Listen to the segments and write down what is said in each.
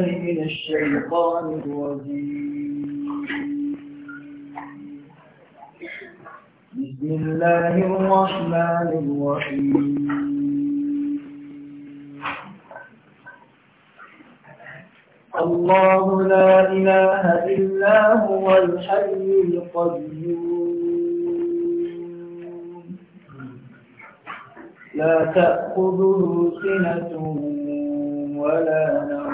من الشيطان الرجيم بسم الله الرحمن الرحيم الله لا إله إلا هو الحي القيوم لا تأخذه سنة ولا نوم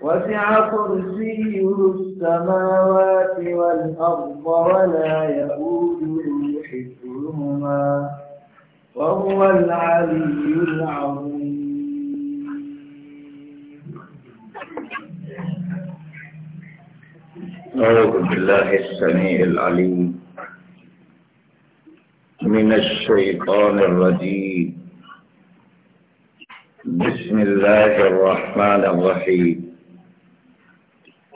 وسع كرسيه السماوات والأرض ولا يؤوده حفظهما وهو العلي العظيم أعوذ بالله السميع العليم من الشيطان الرجيم بسم الله الرحمن الرحيم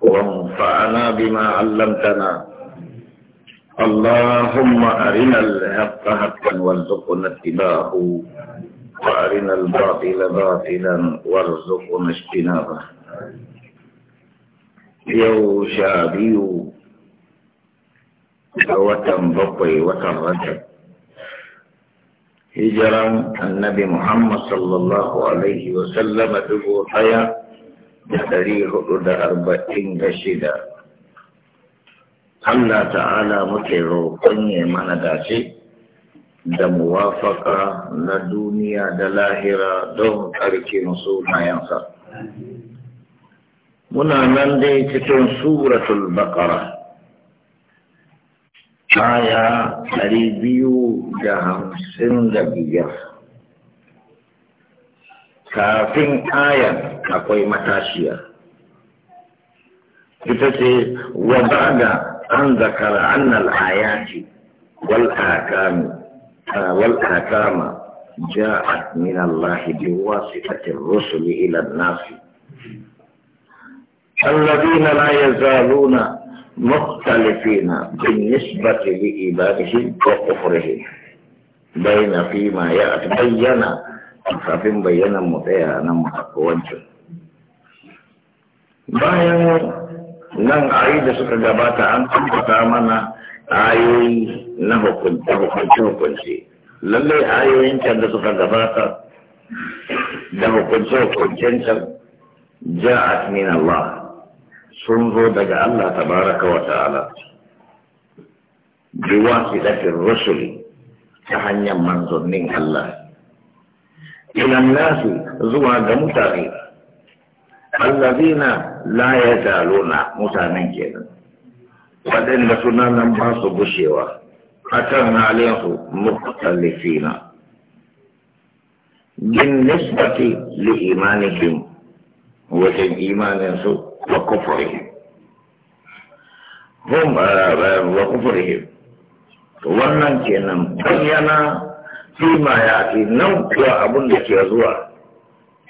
وانفعنا بما علمتنا اللهم أرنا الحق حقا وارزقنا اتباعه وأرنا الباطل باطلا وارزقنا اجتنابه يو شابيو وتن بقي وتن رجب هجرا النبي محمد صلى الله عليه وسلم دبو حياه da ɗari hudu da arba'in da shida Allah ta'ala muke roƙon ya mana dace da muwafaka na duniya da lahira don ƙarƙin sunayensa. Muna nan dai cikin suratul baqara aya ɗari biyu da hamsin da biyar. Kafin ayan akwai matashiya ita ce wa ba'da an zakara annal ayati wal akami wal akama ja'at min Allah bi wasitati ar-rusul ila an-nas alladhina la yazaluna مختلفين بالنسبة لإبادهم وكفرهم بين فيما يتبين kafin bayyana mu tsaya nan wancan bayan nan ayi da suka gabata an tabbata mana ayoyi na hukunce hukunce lallai ayoyin can da suka gabata da hukunce hukuncen can ja'at min Allah sun zo daga Allah tabaraka wa ta'ala biwasidatir rusuli ta hanyar manzannin Allah إلى الناس زوا دمتاغي الذين لا mutanen kenan. waɗanda suna nan ba su gushewa a kan halinsu mukhtallifina bin nisbati li imanihim wajen imaninsu wa kufrihim hum wa kufrihim wannan kenan bayyana kima ya ake nan kuwa abun da ke zuwa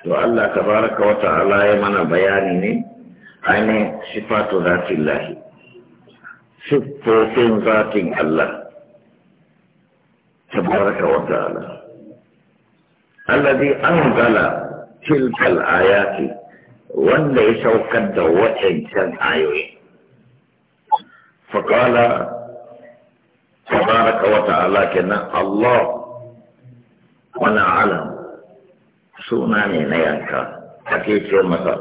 to Allah ta baraka wata ala ya mana bayani ne aini sifatu zatin lahi siffofin zatin Allah ta baraka wata ala. ta'ala alladhi an gala tilkal ayati wanda ya saukar da wa'ancan ayoyi fa qala baraka wata ala kenan Allah wani alam suna ne na yanka ake ce masa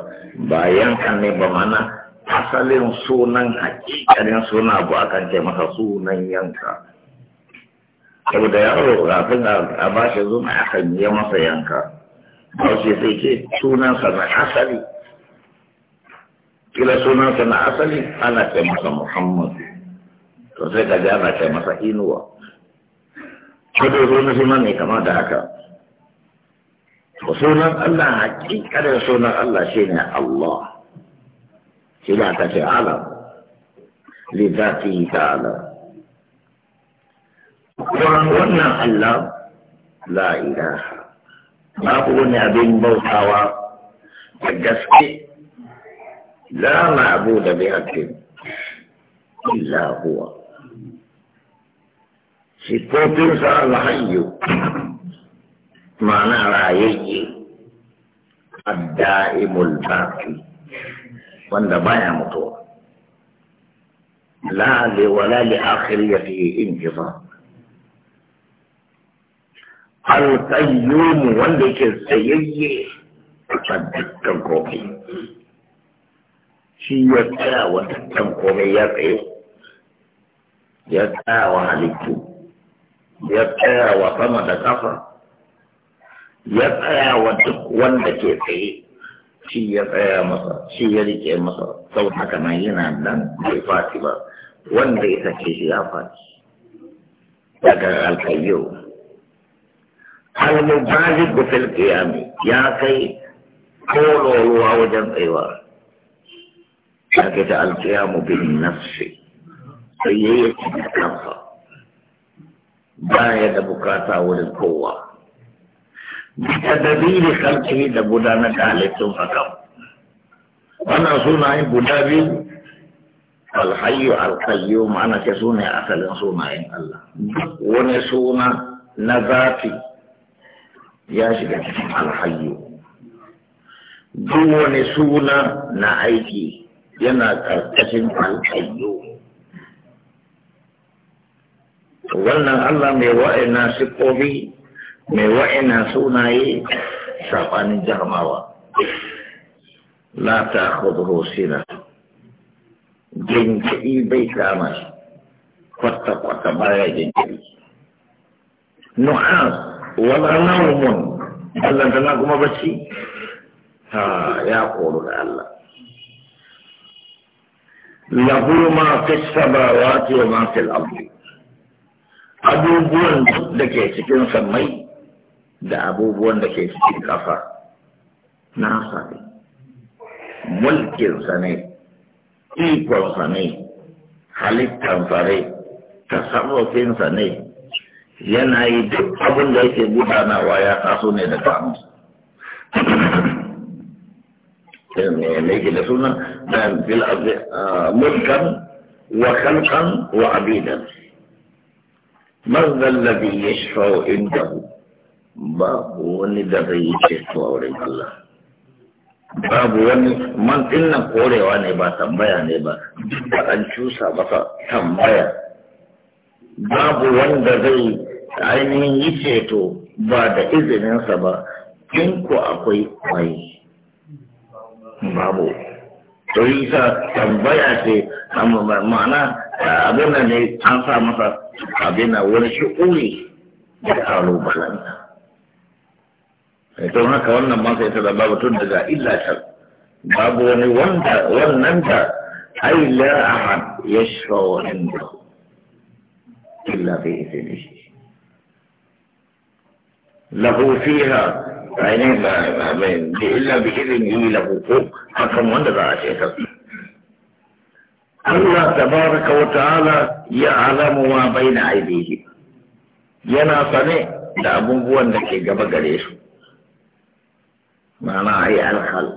ba yanka ne ba mana asalin sunan hakikalin suna ba akan ce masa sunan yanka saboda yaro kafin a ba shi zuma kan yi masa yanka shi sai ce sunansa na asali kila sunansa na asali ana ce masa muhammad to sai ka ji ana ce masa inuwa kada zo na sunan ne kama da haka sunan Allah hakikanin sunan Allah shi ne Allah shi ba ta ce alam lidati ta'ala wannan Allah la ilaha babu wani abin bautawa da gaske la ma'budu bi haqqin illa huwa salah sifofinsa alhayyu ma'ana rayayye adda'imul baqi wanda banyak mutuwa la li wala li akhiriyati inkifa al-qayyum wanda ke tsayayye a dukkan komai shi ya tsaya wa ya tsaye ya tsaya wa halittu ya tsaya wa sama da kafa ya tsaya wa duk wanda ke tsaye shi ya tsaya masa shi ya rike masa sau haka nan yana dan bai fati ba wanda ita ce shi ya fati daga alkayyau al bazi fil qiyam ya kai kololuwa wajen tsayuwa ya kai ta al-qiyam bin nafsi sai yayi kansa ba ya da bukata wurin kowa da dabiri kalki da gudanar da halittun fakam wannan sunayen guda biyu alhayu alkayu ma'ana ke sune asalin sunayen Allah duk wani suna na zafi ya shiga cikin alhayu duk wani suna na aiki yana ƙarƙashin alkayu wannan Allah mai wa'ina siffofi mai wa'ina sunaye saɓanin jarmawa Lata ta khudhu sina jinkiri bai kama shi kwata-kwata baya jinkiri nu'as wala naumun Allah tana kuma bacci ha ya koru da Allah lahu ma fi samawati wa ma fil ardi abubuwan da ke cikin sammai da abubuwan da ke cikin kafa nasa ne mulkinsa ne ikonsa ne halittansa ne tasarrufinsa ne yana yi duk abin da yake gudanawa ya taso ne da kamun mai ke da suna da ah, mulkan wa kalkan wa abidan man zallabi ya shafa inda babu wani da zai yi ceto a wurin Allah babu wani man dinnan korewa ne ba tambaya ne ba da an cusa masa tambaya babu wanda zai ainihin yi ceto ba da izininsa ba in ku akwai kwaye babu to yi sa tambaya ce ma'ana abin da ne an sa masa abin a wani shi'uri da kalubalanta ita haka wannan masa ita da babu tun daga illa shar babu wani wanda wannan da ai la ahad yashfa'u inda illa bi idnihi lahu fiha ainihin ba ba ba illa bi idnihi lahu ko hakan wanda za a ce ta Allah tabaraka wa ta'ala ya alamu ma baina aidihi yana sane da abubuwan da ke gaba gare su ma'ana ai alhal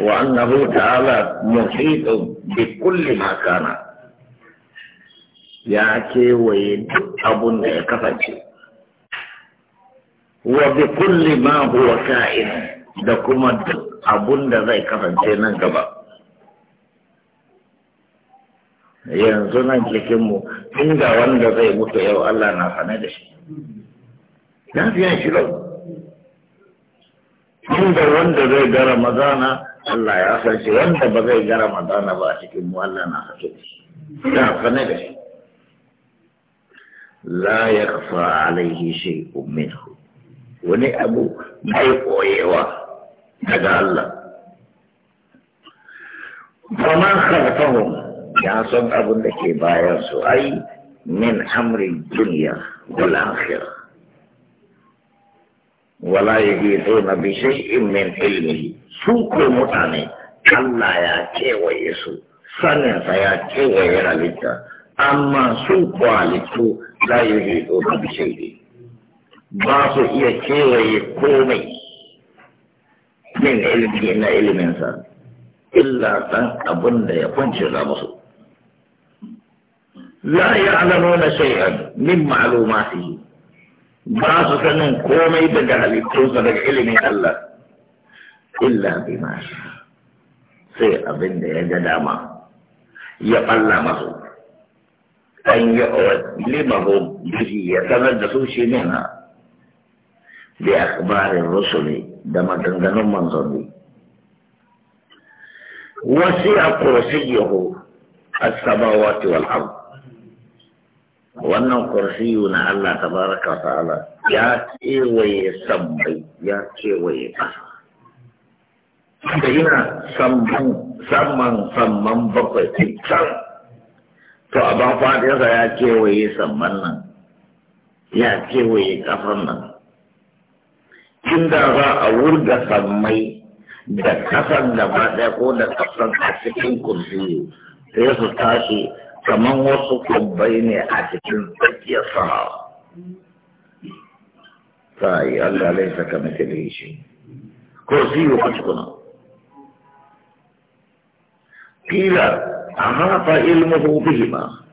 wa annahu ta'ala muhitun bi kulli ma kana ya kewaye duk abun da ya kasance wa bi kulli ma huwa ka'in da kuma duk abun da zai kasance nan gaba yanzu nan cikinmu inda wanda zai mutu yau Allah na sane da shi lafiyan shi lau inda wanda zai ga ramadana Allah ya san shi wanda ba zai ga ramadana ba a cikinmu, Allah na fane da shi na sane da shi la kafa alaihi shi minhu wani abu mai koyewa daga Allah faman khalfahum ya san abin da ke bayan su ai min amri duniya wal akhirah wala yahiduna bi shay'in min su ko mutane Allah ya kewaye su sanin sa ya kewaye halitta amma su ko halittu la yahiduna bi ba su iya kewaye komai min ilmi na ilminsa illa dan abin da ya kunce musu لا يعلمون شيئا من معلوماته باسو سنن كومي بدالي توسا بالعلمي الله إلا بما شاء سي أبند يجداما يقل مهو أن يؤد به بجي يتمدسو شمينا بأخبار الرسل دما تنغن من بي وسيع كرسيه السماوات والأرض wannan kursiyu na Allah baraka wa ta'ala ya kewaye sammai ya kewaye ƙasa da yana samman samman samman bakwai cikin to a ban fadinsa ya kewaye samman nan ya kewaye ƙasan nan inda za a wurga sammai da ƙasan da ba ko da ƙasan a cikin kursiyu sai su tashi kamar wasu kubbai ne a cikin tsakiyar sahara ta yi Allah laisa ka mithlihi shi ko si ko kuna kila ahata ilmuhu bihima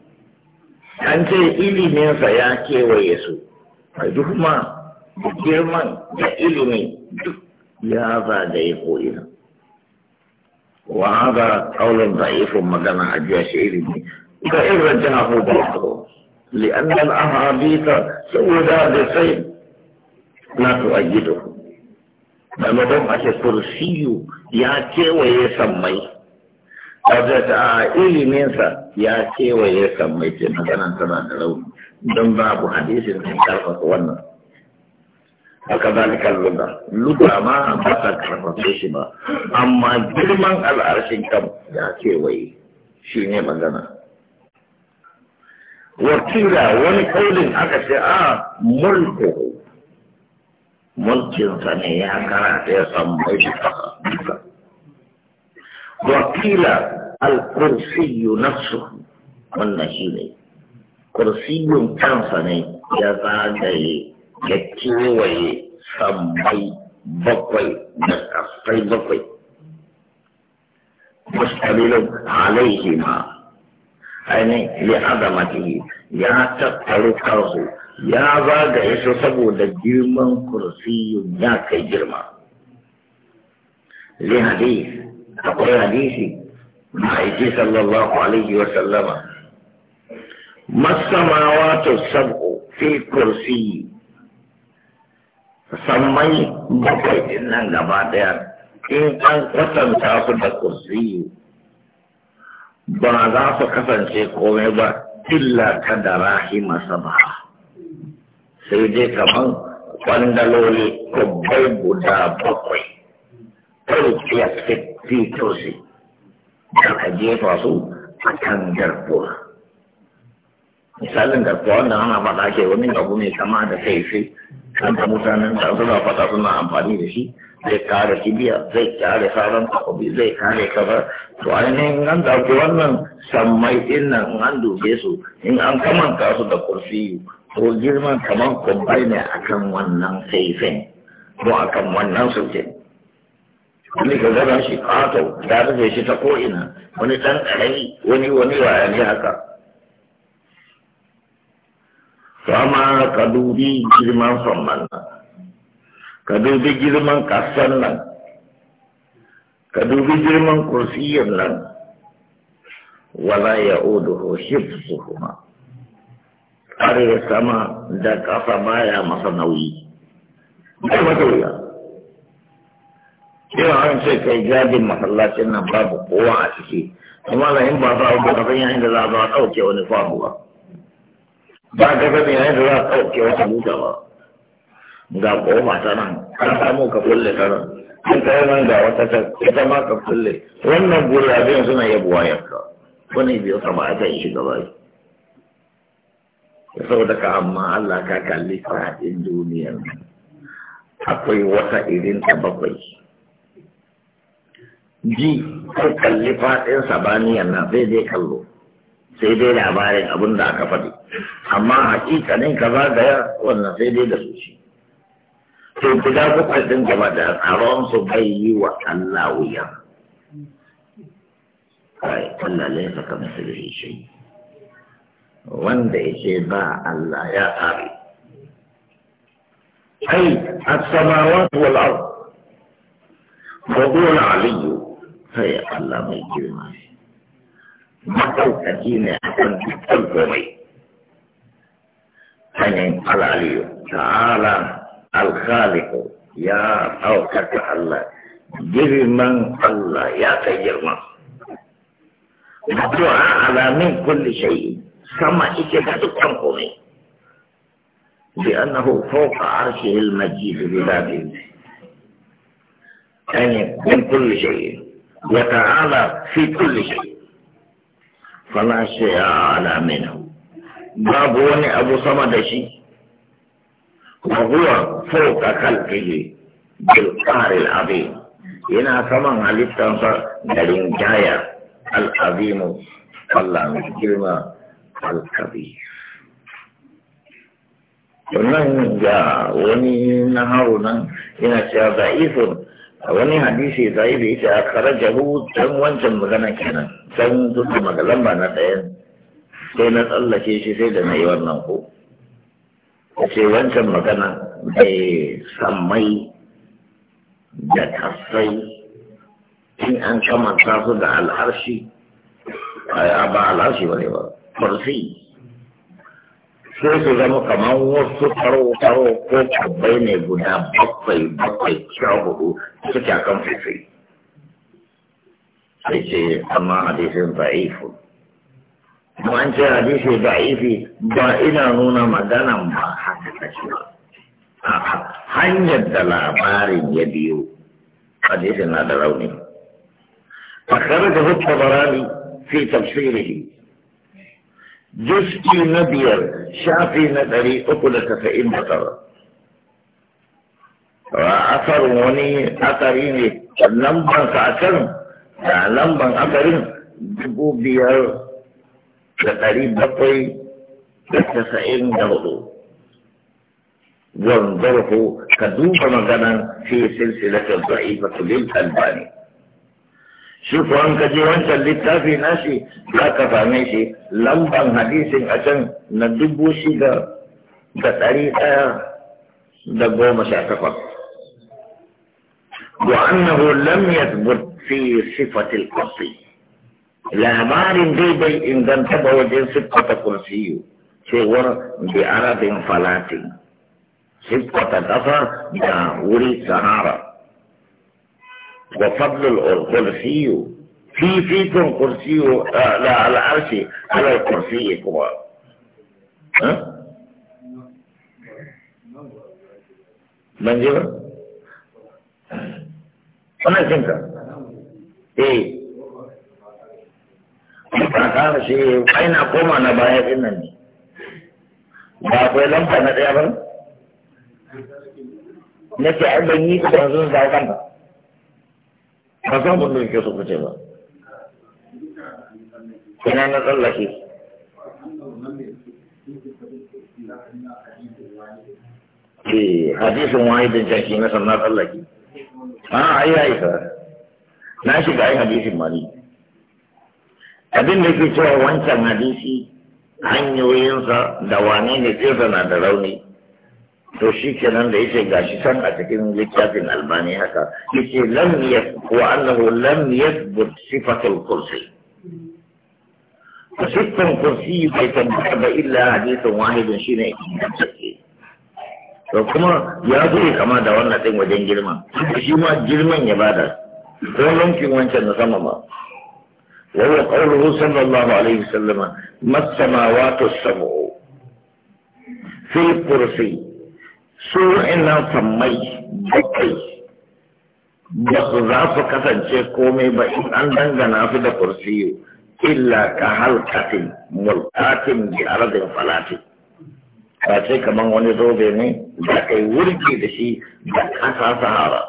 an ce iliminsa ya kewaye su a duk ma girman da ilimi duk ya zagaye ko ina wa hada qawlun da'ifun magana a jiya shi ilimi irin da فإن رجعه بعضه لأن الأحاديث سودا بسيف لا تؤيده maimakon a a ce kursiyu ya kewaye sammai a iliminsa ya kewaye sammai ce maganan tana da rauni don babu hadisin da karfafa wannan haka zalikar luga luga ma ba ta karfafe shi ba amma girman al'arshin kam ya kewaye shi ne magana wakila wani kaulin aka ce a ah, mulku mulkinsa ne ya karata ya samu mai duka wakila alkursiyu nafsu wannan shi ne kursiyun kansa ne ya zagaye ya kewaye sambai bakwai da kasai bakwai mustamilin alaihima ainihin li'azamatihi ya tattaru kansu ya zagaye su saboda girman kursiyun ya kai girma li hadis akwai hadisi Mahaifi sallallahu alaihi wa sallama Masamawa masamawatu sab'u fi kursi sammai bakwai din nan gaba daya in an kwatanta su da kursiyu ba za su kasance komai ba illa ta da masa ba sai dai kaman kwandaloli kubbai guda bakwai ɗauki a fi da ka jefa su a kan garkuwa misalin garkuwa wanda ana faɗa ke wani gabu mai kama da kai sai kan mutanen da suna faɗa suna amfani da shi zai kare kibiya zai kare sauran takobi zai kare kaba to ainihin an ɗauki wannan sammai din nan an dube su in an kamanta su da kursiyu ko girman kamar kumbai ne akan wannan faifin ko kan wannan wani ka gaba shi kato ta rufe shi ta ko'ina wani ɗan ƙarami wani wani waya ne haka to ma ka dubi girman samman nan ka dubi girman kasan nan ka dubi girman kursiyin nan wala ya oduhu hifzuhuma tsare sama da kafa baya masa nauyi bai mata wuya cewa an ce kai gadin masallacin nan babu kowa a ciki kuma da in ba za a ba san yayin da za a zo ɗauke wani famu ba ba ka sani yayin da za a ɗauke wata buta ba ga koma ta nan an samu ka kulle ta nan an kai nan ga wata ta ita ma ka kulle wannan guri abin suna yabuwa yanka wani biyu sama a kan shi gaba shi da ka amma Allah ka kalli fadin duniyar akwai wata irin ta bakwai ji ko kalli fadin sabaniyar na sai dai kallo sai dai labarin abin da aka faɗi amma hakikanin ka zagaya wannan sai dai da su shi to guda bakwai ɗin gaba da tsaron su bai yi wa Allah wuya kai Allah ne saka masa da shi wanda ya yake ba Allah ya tsare kai a samawati wal ard wa huwa Aliyu. sai Allah mai girma madaukaki ne a kan dukkan komai hanyar al'aliyu ta'ala الخالق يا أو كتع الله جرما الله يا كجرما الدعاء على من كل شيء سما إتكت قمقمي لأنه فوق عرشه المجيد بلاده يعني من كل شيء يتعالى في كل شيء فلا شيء على منه بابوني أبو صمد شيء وهو فوق خلقه بالقهر العظيم هنا كمان عليك تنصر دلنجاية العظيم الله من الكبير wannan ga wani na haro nan yana cewa za'ifun wani hadisi za'ifi ya ce a karajahu can wancan magana kenan can zuwa magana ba na ɗayan sai na tsallake shi sai da na yi wannan ko ce wancan magana mai sammai da kasai in an kamanta su da al'arshi a ba al'arshi ba ba farsi sai su zama kamar wasu karo-karo ko kabai ne guda bakwai bakwai sha hudu suke kan faifai sai ce amma a daifin za'ifu an ce hadisi da'ifi ba ina nuna maganan ba haka take ba hanyar da labarin ya biyo hadisin na da rauni فخرجه الطبراني في تفسيره جزء نبير شافي نظري أكلة فإن بطر وأثر وني أثريني لمبا سأثر لمبا أثرين دبو بيار شغالين بطري حتى سئم دوره وانظره كدوب مدنا في سلسلة ضعيفة للألباني شوفوا أن كجوانسا اللي تافي ناشي لا كفاميشي لمبا حديث عشان ندبو شيدا بطريقة دبو مشاكفة وأنه لم يثبت في صفة القصي labarin dai bai inganta ba wajen siffata kursiyu cewar bi arabin falatin siffata ƙasa da wuri sahara wa fadlul kursiyu fifikon kursiyu da al'arshi ala kursiyi kuma ban ji ba? wannan cinka? eh kaka da shi aina koma na baya din nan ne ba akwai lamba na ɗaya ba na ke an ban yi ku ban sun zawo kanta ba san mun da ke so ku ce ba ina na tsallake Eh, hadisin wahidin jaki na sannan tsallake. a ah, ai, ai, na shiga ai hadisin mani. abin da ke cewa wancan hadisi hanyoyinsa da wane ne ke na da rauni to shi kenan da yake gashi san a cikin littafin albani haka yake lam yas wa annahu lam yathbut sifatul kursi sifatul kursi bai tabbata ba illa hadithun wahidun shine take. to kuma ya zo kama da wannan din wajen girma shi ma girman ya bada don lankin wancan na sama ba وهو قوله صلى الله عليه وسلم ما السماوات السمع في الكرسي su ina sammai bakwai ba su za su kasance komai ba in an dangana fi da kursiyo illa ka halkatin mulkatin bi aradin falati ba ce kamar wani zobe ne da kai wurke da shi da kasa sahara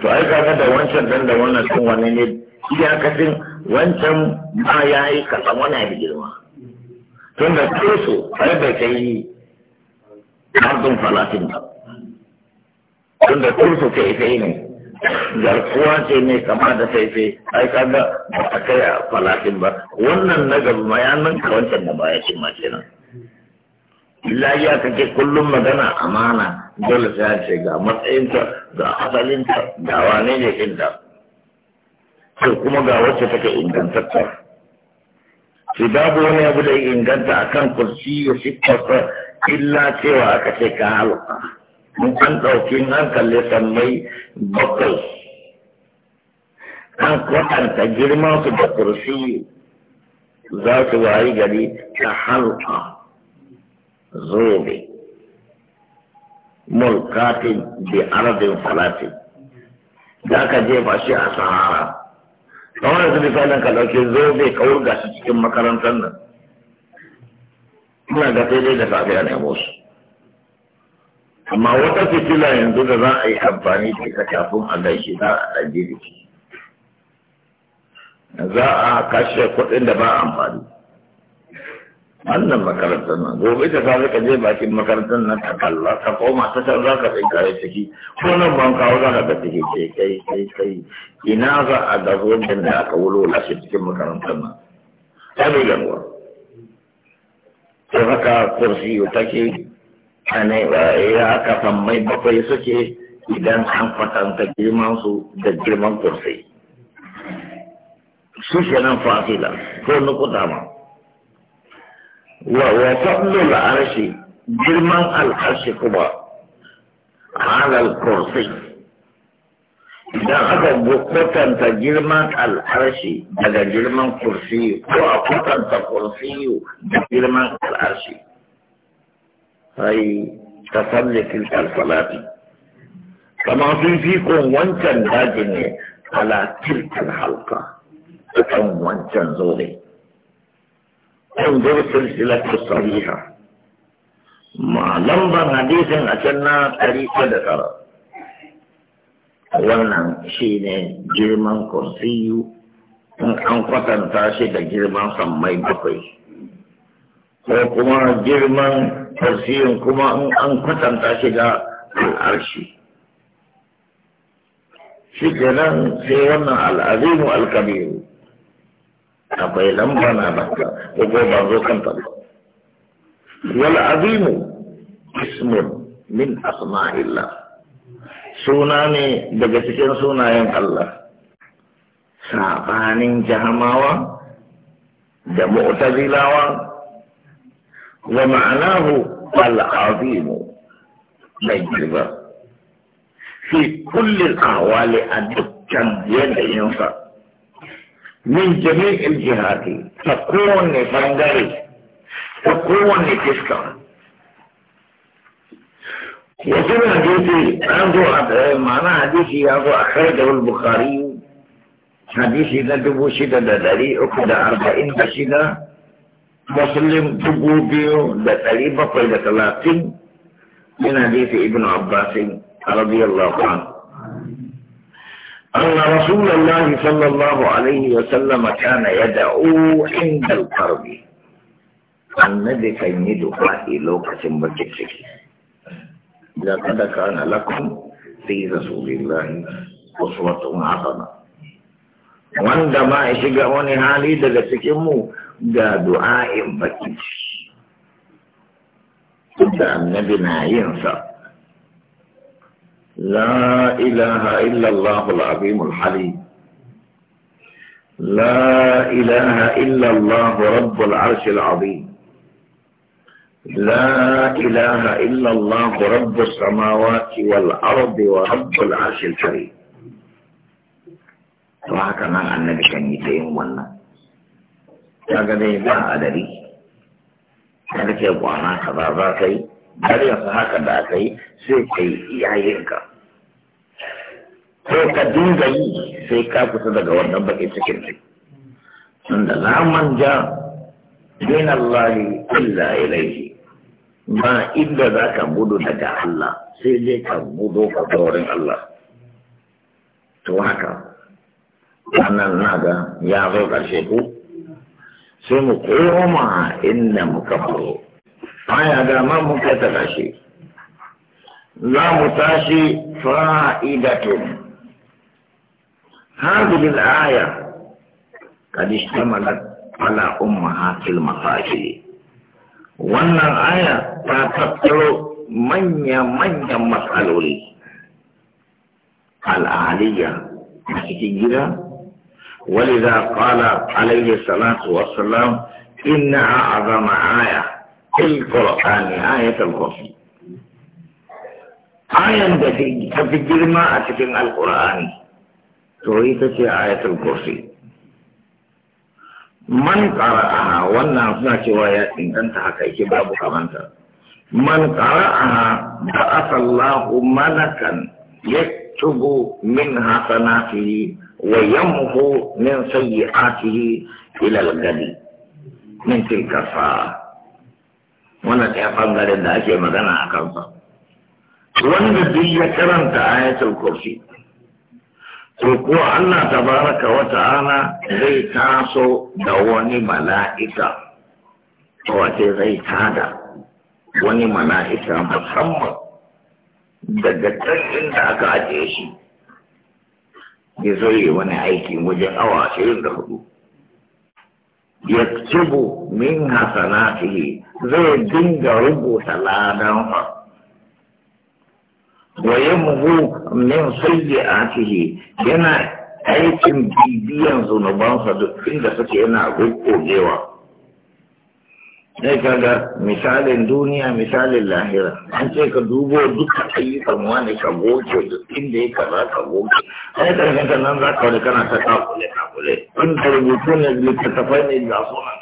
to ai kaga da wancan dan da wannan wani ne iyakacin wancan ba ya yi kasan wani abu girma tun da sai da bai kai ardun falatin ba tun da yi kai sai ne garkuwa ce ne kama da saife ai kaga ba a kai a falatin ba wannan na gaba ma ya nan wancan ba ya ce ma nan illa ya kake kullum magana amana dole sai ce ga matsayinta ga asalinta ga wane ne kinta sai kuma ga wacce take ingantatta sai babu wani abu da inganta akan kursi ya siffarsa illa cewa aka ce ka halka mun an ɗauki an kalli sammai bakwai an kwatanta girman su da kursi za su wayi gari ka halka zobe mulkatin bi arabin falatin da aka jefa shi a sahara kawai yanzu misalin ka ɗauke bai ka ga shi cikin makarantar nan ina ga sai dai da safiya ne musu amma wata fitila yanzu da za a yi amfani da ita kafin a gaishe za a ajiye da shi za a kashe kuɗin da ba amfani wannan makarantar nan gobe ta sa ka je bakin makarantar nan ka kalla ka koma ta san za ka kare ciki ko nan ban kawo za ka ga ciki ce kai kai kai ina za a ga zuwan da aka wulwula shi cikin makarantar nan ta da ruwa sai haka kursi take ba ya haka mai bakwai suke idan an kwatanta girman su da girman kursi su nan fasila ko nukuta ma wa fadlul arshi girman al'arshi kuma halal kursi idan aka kwatanta girman al'arshi daga girman kursi ko a kwatanta kursi da girman al'arshi sai ta sanya kirkar salati kamar sun fi kun wancan daji ne ala kirkar halka akan wancan zo انظر hadisin a can na حديث ta da tsara. wannan shi ne girman kursiyu in an kwatanta shi da girman sammai bakwai ko kuma girman kursiyun kuma in an kwatanta shi da al'arshi shi kenan sai wannan al'azimu al-kabiru akwai lamba na maka ko ba zo kan ta wal azimu ismun min asma'illah suna ne daga cikin sunayen Allah sabanin jahamawa da mu'tazilawa wa ma'anahu al azimu mai girma fi kullin ahwali a dukkan yanayinsa من جميع الجهات تكون بندري تكون تسكن وفي حديثي عنده معنى حديثي هذا أخرجه البخاري حديثي ندبو شدة دلالي أكد أربعين بشدة مسلم دبو بيو دلالي بقل دلاتين من حديث ابن عباس رضي الله عنه أن رسول الله صلى الله عليه وسلم كان يدعو عند القرب النبي كان يدعو إلو كسم بكتك لقد كان لكم في رسول الله أسوة عظمة وعندما ma هالي shiga wani hali daga cikinmu ga du'a'in baki لا إله إلا الله العظيم الحليم لا إله إلا الله رب العرش العظيم لا إله إلا الله رب السماوات والأرض ورب العرش الكريم وهكذا النبي كان يتيم ولا كذا ده ما أدري هذا كيف وانا كذا ذاكي su haka da aka yi sai ka yi ka ko ka dinga yi sai ka fita daga wannan bakin cikin ne tunda manja min Allah illa ilaihi ba inda za ka gudu daga Allah sai dai ka gudu ka taurin Allah to haka wannan na ga ya zo ƙarshe ku sai mu koma inda muka faru baya dama ma mun kai ta tashi za mu tashi fa'idatun aya, الآية قد اشتملت على أمهات المفاتيح wannan aya ta tattaro manya-manyan matsaloli al'aliyya a cikin gida wani za ƙala alayhi salatu wasalam inna a azama aya fil qur'ani ayatul kursi ayan da ta fi girma a cikin alqur'ani to ita ce ayatul kursi man qara'aha wannan suna cewa ya inganta haka yake babu kamanta man qara'aha ba'atha Allahu malakan yaktubu min hasanatihi wa yamhu min sayyi'atihi ila al-ghadi min tilka sa'a wannan ɗaya ɓangaren da ake magana a kansa wanda duk ya karanta ayatul kursi to ko Allah tabaraka wa ta'ala zai taso da wani mala'ika wace zai tada wani mala'ika musamman daga can inda aka ajiye shi ya zo yi wani aiki wajen awa ashirin da hudu yaktubu min hasanatihi zai dinga rubuta ladan fa. wa yamhu min sayyi'atihi yana aikin bibiyan zunubansa duk inda suke yana gogewa sai kaga misalin duniya misalin lahira an ce ka dubo duka ayyukan wani ka goge duk inda ya kaza ka goge sai karshen ka nan za ka wani kana ta kakule kakule in ka rubutu ne littattafai ne ga sunan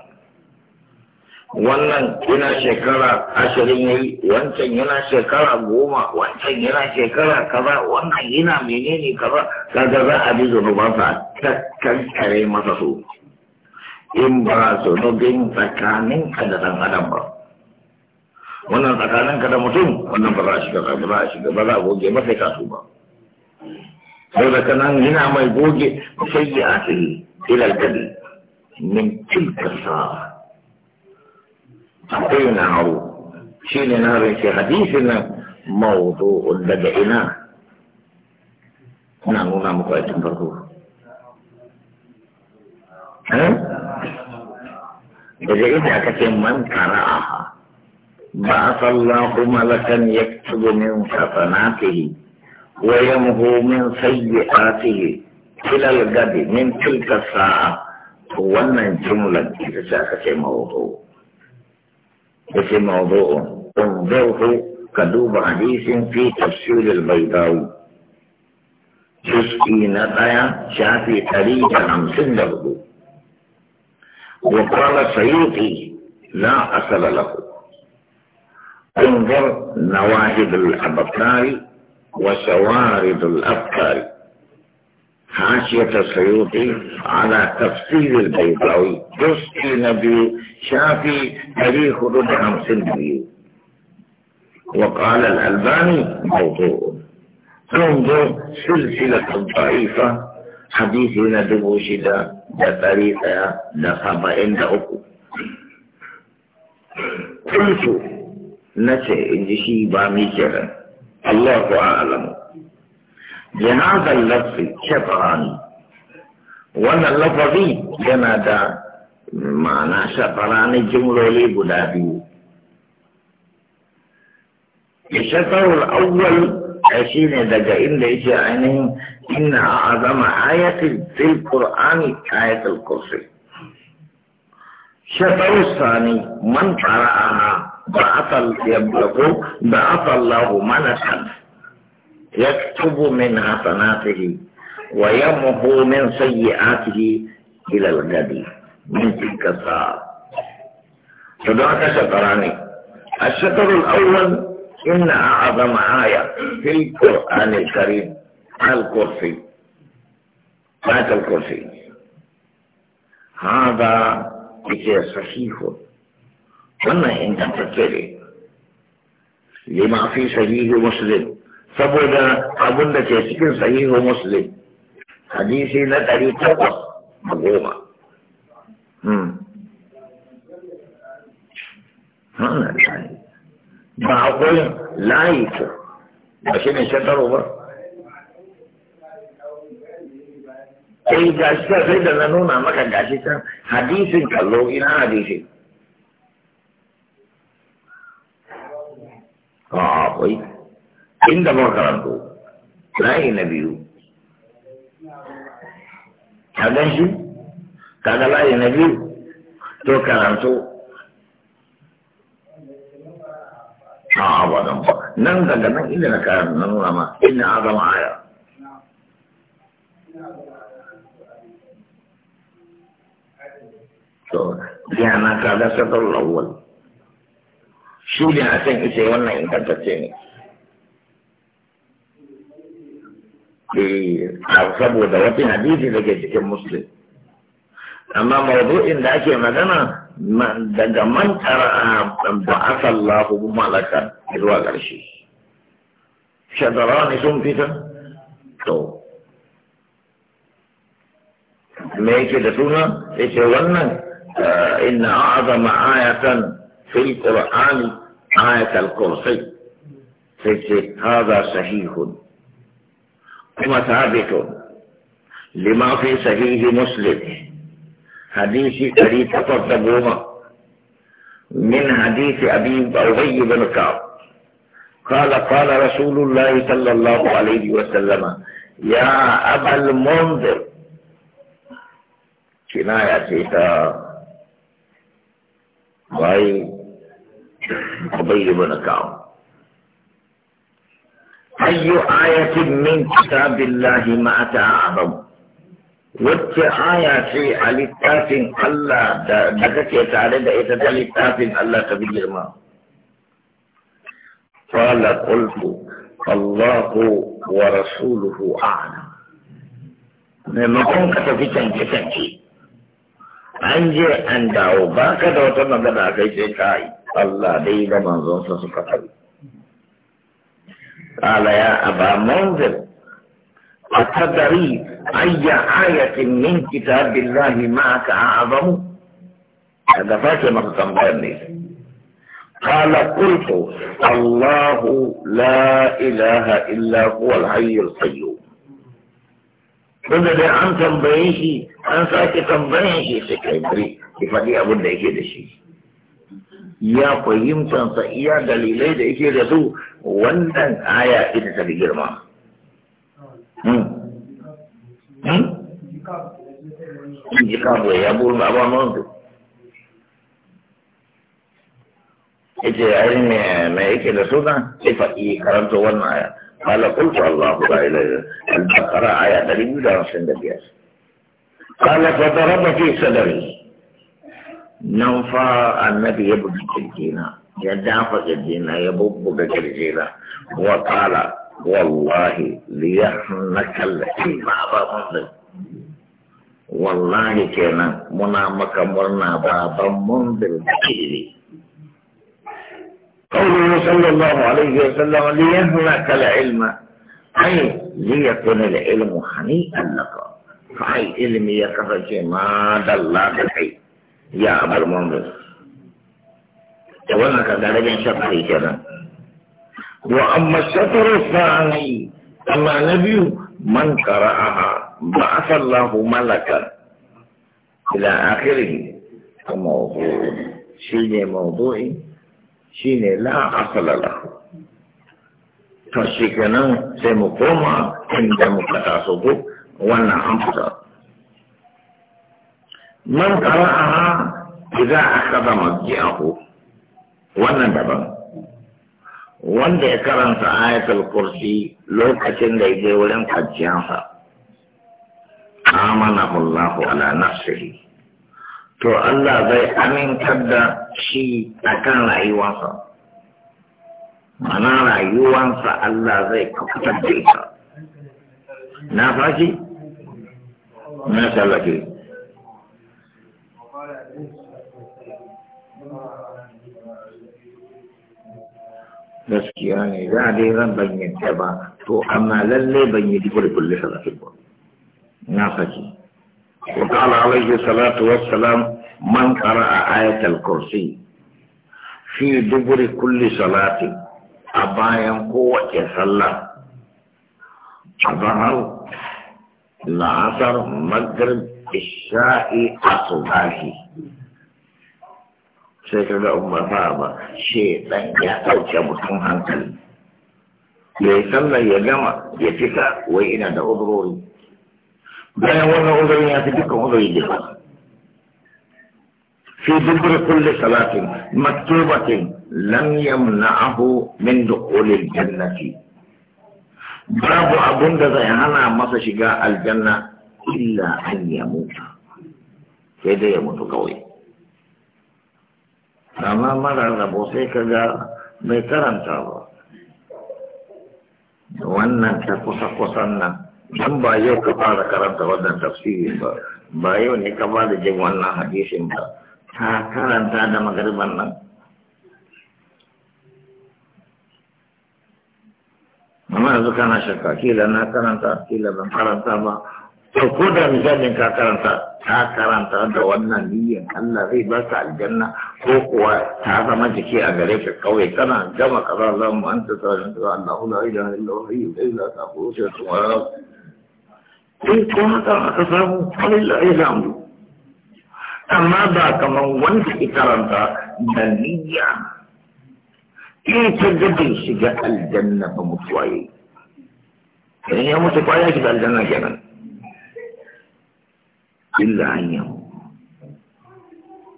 wannan yana shekara ashirin ya yi wancan yana shekara goma wancan yana shekara kaza wannan yana menene kaza kaga za a bi sa kankare masa su in ba zunubin tsakanin ka da dan adam ba wannan tsakanin ka da mutum wannan ba za a shiga ba za a shiga ba za a goge ba sai ka su ba sau da kanan yana mai goge sai ya asiri ilal gani min tilka sa'a أين عرو شين نار في حديثنا موضوع بدأنا نعم نعم قائد برضو ها بدأنا كتم من قرأها بعث الله ملكا يكتب من حسناته ويمهو من سيئاته إلى الغد من تلك الساعة wannan jumlar ita ce aka ce mawato في موضوع انظره كدوب حديث في تفسير البيضاوي جزء نتايا شافي تريد عن سنده وقال سيوطي لا أصل له انظر نواهب الأبكار وشوارد الأبطال حاشية السيوطي على تفصيل البيضاوي جزء نبي شافي تاريخ ربع خمسين نبي وقال الألباني موضوع انظر سلسلة ضعيفة حديثنا دبوشدا دا تاريخها دا أكو قلت نسي إن شيء بامي الله أعلم لهذا اللفظ شطران وانا اللفظي كما دا معنى شطران لي بلابي الشطر الأول عشرين دقائق ليش عينهم يعني إن أعظم آية في القرآن آية الكرسي الشطر الثاني من قرأها بعث يبلغ ضعف الله منسا يكتب من حسناته ويمحو من سيئاته إلى الغد من تلك الساعة فدعك شطران الشطر الأول إن أعظم آية في القرآن الكريم الكرسي آية الكرسي هذا بكي صحيح قلنا إن تفكري لما في صحيح مسلم saboda abin da ke cikin sahihu muslim hadisi na ɗari takwas da goma hmm. ba akwai layi ko ba shi ne shantaro ba eh, sai gashi ta sai da na nuna maka gashi ta hadisin kallo ina hadisi? a akwai inda ba karanto layi na biyu ka gan shi kaga layi na biyu to karanto a abadan ba nan daga nan inda na karatu na nuna ma inda zama aya to ya na kaga sadar lawal shi da na san ita wannan ingantacce ne saboda wata hadisi da ke cikin muslim amma mawdu'in da ake magana daga man tara ba asallahu malaka zuwa ƙarshe shadarani sun fita to me yake da suna yace wannan inna a'zama ayatan fil qur'ani ayatul kursi sai ce hadha sahihun kuma sabitu limafin sahihi muslim hadisi ɗari takwas da goma min hadisi abi bauhayi bin kaf قال قال رسول الله صلى الله عليه وسلم يا أبا المنذر كناية سيتا باي قبيل بن كعب أي آية من كتاب الله ما أعظم وجه آية في الله الله دكت يتعالى دائتة الإتاف الله قبل ما قال قلت الله ورسوله أعلم مما كنت كتفي تنكي تنكي أنجي أن دعو باك دوتنا بدا كي تنكي الله دائما منظر سكتبه قال يا أبا منذر أتدري أي آية من كتاب الله معك أعظم هذا فاتح مقام قال قلت الله لا إله إلا هو الحي القيوم da dai an tambaye shi an sake tambaye shi sai kai ki faɗi abin da yake da shi ya fahimtansa iya dalilai da yake da su wannan aya ita ta fi girma in hmm. hmm? ji kabuwa ya buru ba ba nan ita yake da suna sai faɗi karanta wannan aya قال قلت يجافك الدين يبب كرجيلا وقال والله ليحنك أبا مظلم والله كينا منا مكمرنا بابا منذر كيري قوله صلى الله عليه وسلم ليهلك العلم اي ليكن العلم حنيئا لك فاي علمي يكفي ما دل الحي يا ابا المنذر da wannan ka darajar shafari kenan wa amma shafaru sa'ani amma na biyu man qara'aha ba'atha Allahu malaka ila akhirih mawdu shine mawdu'i shine la asala lahu to shi kenan sai mu koma inda muka taso ko wannan an fita man qara'aha idza akhadha mawdi'ahu wannan daban wanda ya karanta ayatul kursi lokacin da ya je wurin kwanciyarsa amana Allahu ala nafsihi to Allah zai amintar da shi a kan rayuwarsa mana rayuwarsa Allah zai kafa da ita na fashi na sallake gaskiya ne za a dai zan bayyanta ba to amma lalle ban yi duk da kulle salatin ba na saki wa qala alayhi salatu wassalam man qara'a ayatul kursi fi duburi kulli salati a bayan kowace sallah azhar la'asar maghrib isha'i asubahi sai ta da umar ba shedan ya ɗauke mutum hankali ya yi sallar ya gama ya fita wai ina da uzurori bayan wannan uzurin ya fi dukkan uzuri duka في دبر كل صلاة مكتوبة لم يمنعه من دخول الجنة باب أبن ذي هنا مسا شقاء الجنة إلا أن يموت كده يموت قوي amma mara rabo sai ka ga mai karanta ba wannan ta kusa-kusan nan don ba yau ka fara karanta wannan tafsiri ba ba yau ne ka fara jin wannan hadisin ba ta karanta da magariban nan amma yanzu kana shakka kila na karanta kila ban karanta ba to ko da misalin ka karanta ta karanta da wannan niyyar Allah zai ba ka aljanna ko kuwa ta zama jiki a gare ka kawai kana gama kaza za mu an ta tsarin da Allahu la ilaha illa huwa hayyul qayyum la ta'khudhuhu sinatun in ko haka aka samu wallahi alhamdu amma ba kaman wanda ke karanta da niyya in ta gudun shiga aljanna ba mutuwa yayi idan ya mutu kwaya shiga aljanna kenan illa hanya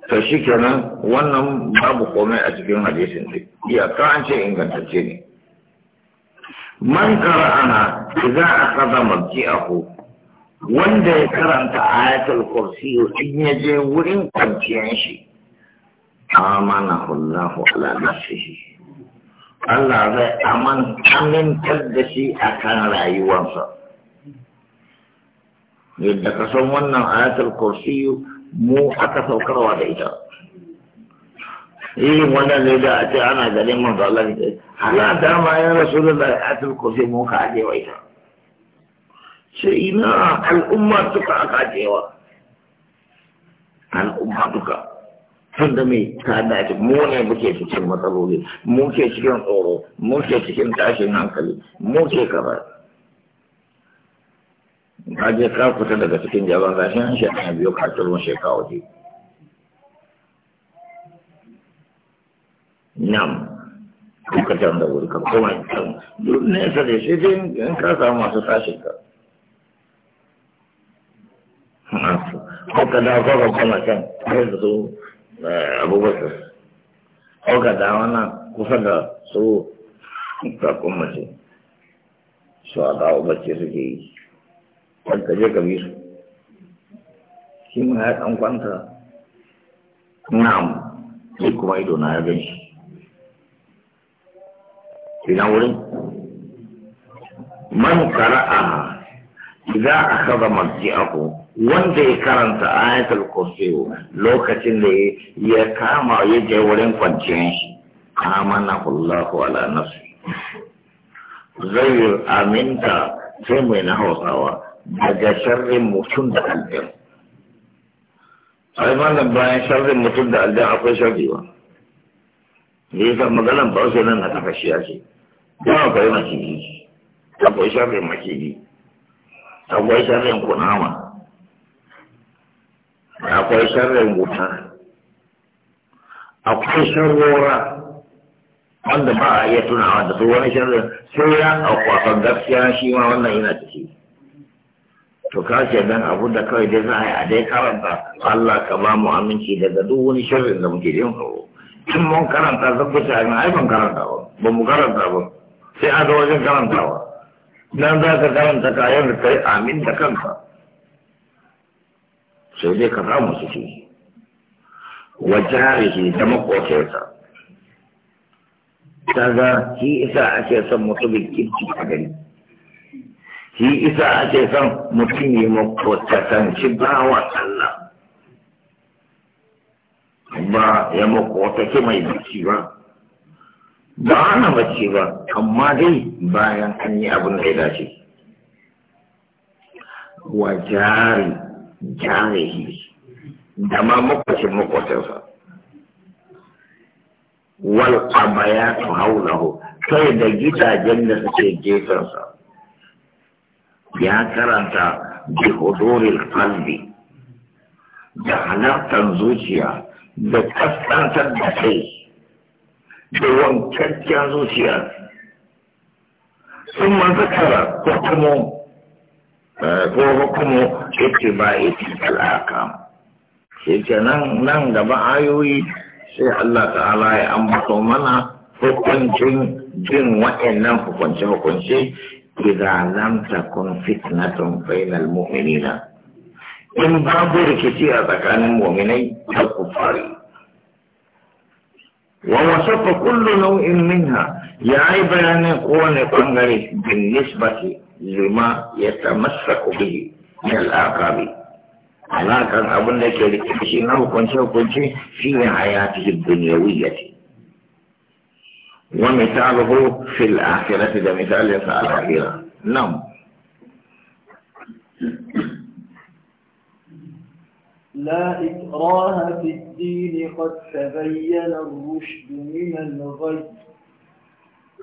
ta shi kenan wannan babu komai a cikin hadisin sai iyaka an ce ingantacce ne man za qara'ana mabci a marji'ahu wanda ya karanta ayatul kursi in ya je wurin kwanciyar shi amana Allahu ala nafsihi Allah zai amintar da shi akan rayuwarsa yadda ka san wannan ayatul kursi mu aka saukarwa da ita irin wannan ne da a ce ana ganin manzo Allah ne ana dama ya rasulullah ayatul kursi mu ka ajewa ita sai ina al'umma suka aka ajewa al'umma duka tunda mai ta dace mu ne muke cikin matsaloli mu ke cikin tsoro mu ke cikin tashin hankali mu ke kaza ka je ka fita daga cikin jaban gashi an shi ana biyo ka turun shekawa waje nam ka can da wuri ka koma can duk nesa da shi dai in ka samu masu tashi ka ko ka da ko ka koma can sai da su eh, abubakar ko ka dawo nan kusa da su ka koma ce su a dawo ce suke yi kan ka je ka bi su shi ma ya ɗan kwanta na'am sai kuma ido na ya gan shi ina wurin man kara'a idza akhadha marji'ahu wanda ya karanta ayatul kursi lokacin da ya kama ya je wurin kwanciyar shi amana Allahu ala nafsi zai aminta sai mai na hausawa daga sharrin mutum da aljan ai malam bayan sharrin mutum da aljan akwai sharri ba Me yasa maganan ba su nan a Ya ce don akwai maciji akwai sharrin maciji akwai sharrin kunama akwai sharrin wuta akwai sharrora wanda ba a iya tunawa da su wani sharrin sai ya akwakon gaskiya shi ma wannan yana to ka ce dan abu da kawai dai za a yi a dai karanta Allah ka ba mu aminci daga duk wani shirin da muke yin ko tun mun karanta zan ku sai ai ban karanta ba ba mu karanta ba sai a ga wajen karantawa dan za ka karanta kayan da kai amin da kanka sai dai ka samu su ci wa jarihi da makocinsa ta ga shi isa ake son mutumin kirki a gari shi isa ce son mutum yi ba wa Allah ba ya makotake mai bacci ba ba ana bacci ba amma dai bayan an yi abin da ya dace wa jari jarihi da ma makwacin makwacinsa wal qabayatu haulahu kai da gidajen da suke gefensa ya karanta bi hudurin kalbi da halartar zuciya da kaskantar da kai da wankakken zuciya sun man zakara ko kuma ko hukumu ba ita ahkam shi nan gaba ayoyi sai Allah ta'ala ya ambato mana hukuncin jin waɗannan hukunce-hukunce إذا لم تكن فتنة بين المؤمنين إن بعض الكثير كان المؤمنين كالكفار ووصف كل نوع منها يا بيان قوان قنغري بالنسبة لما يتمسك به من الآقاب على كان أبن لك لكتشي نوع كنشي وكنشي في حياته الدنيوية ومثاله في الآخرة ده مثال يسعى الآخرة نعم لا إكراه في الدين قد تبين الرشد من الغي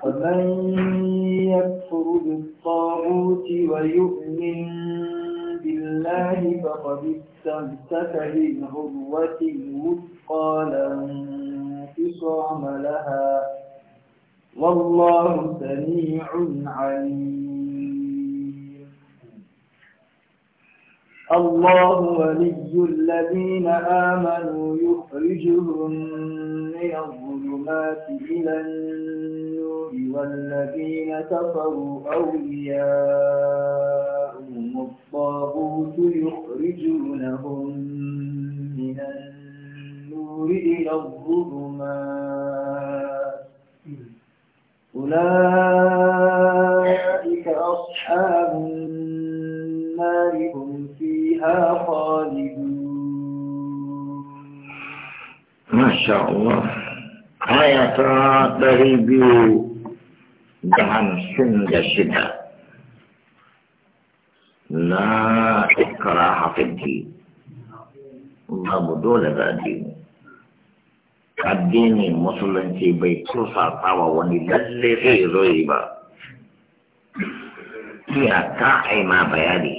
فمن يكفر بالطاغوت ويؤمن بالله فقد استمسك بالعروة الوثقى لا انفصام لها والله سميع عليم الله ولي الذين آمنوا يخرجهم من الظلمات إلى النور والذين كفروا أولياءهم الطاغوت يخرجونهم من النور إلى الظلمات أولئك أصحاب النار هم فيها خالدون ما شاء الله آية تريبيو جهنم سند شدة لا إكراه في الدين باب دولة الدين addinin musulunci bai kusa wa wani lalle sai zo yi ba iyaka a ma bayani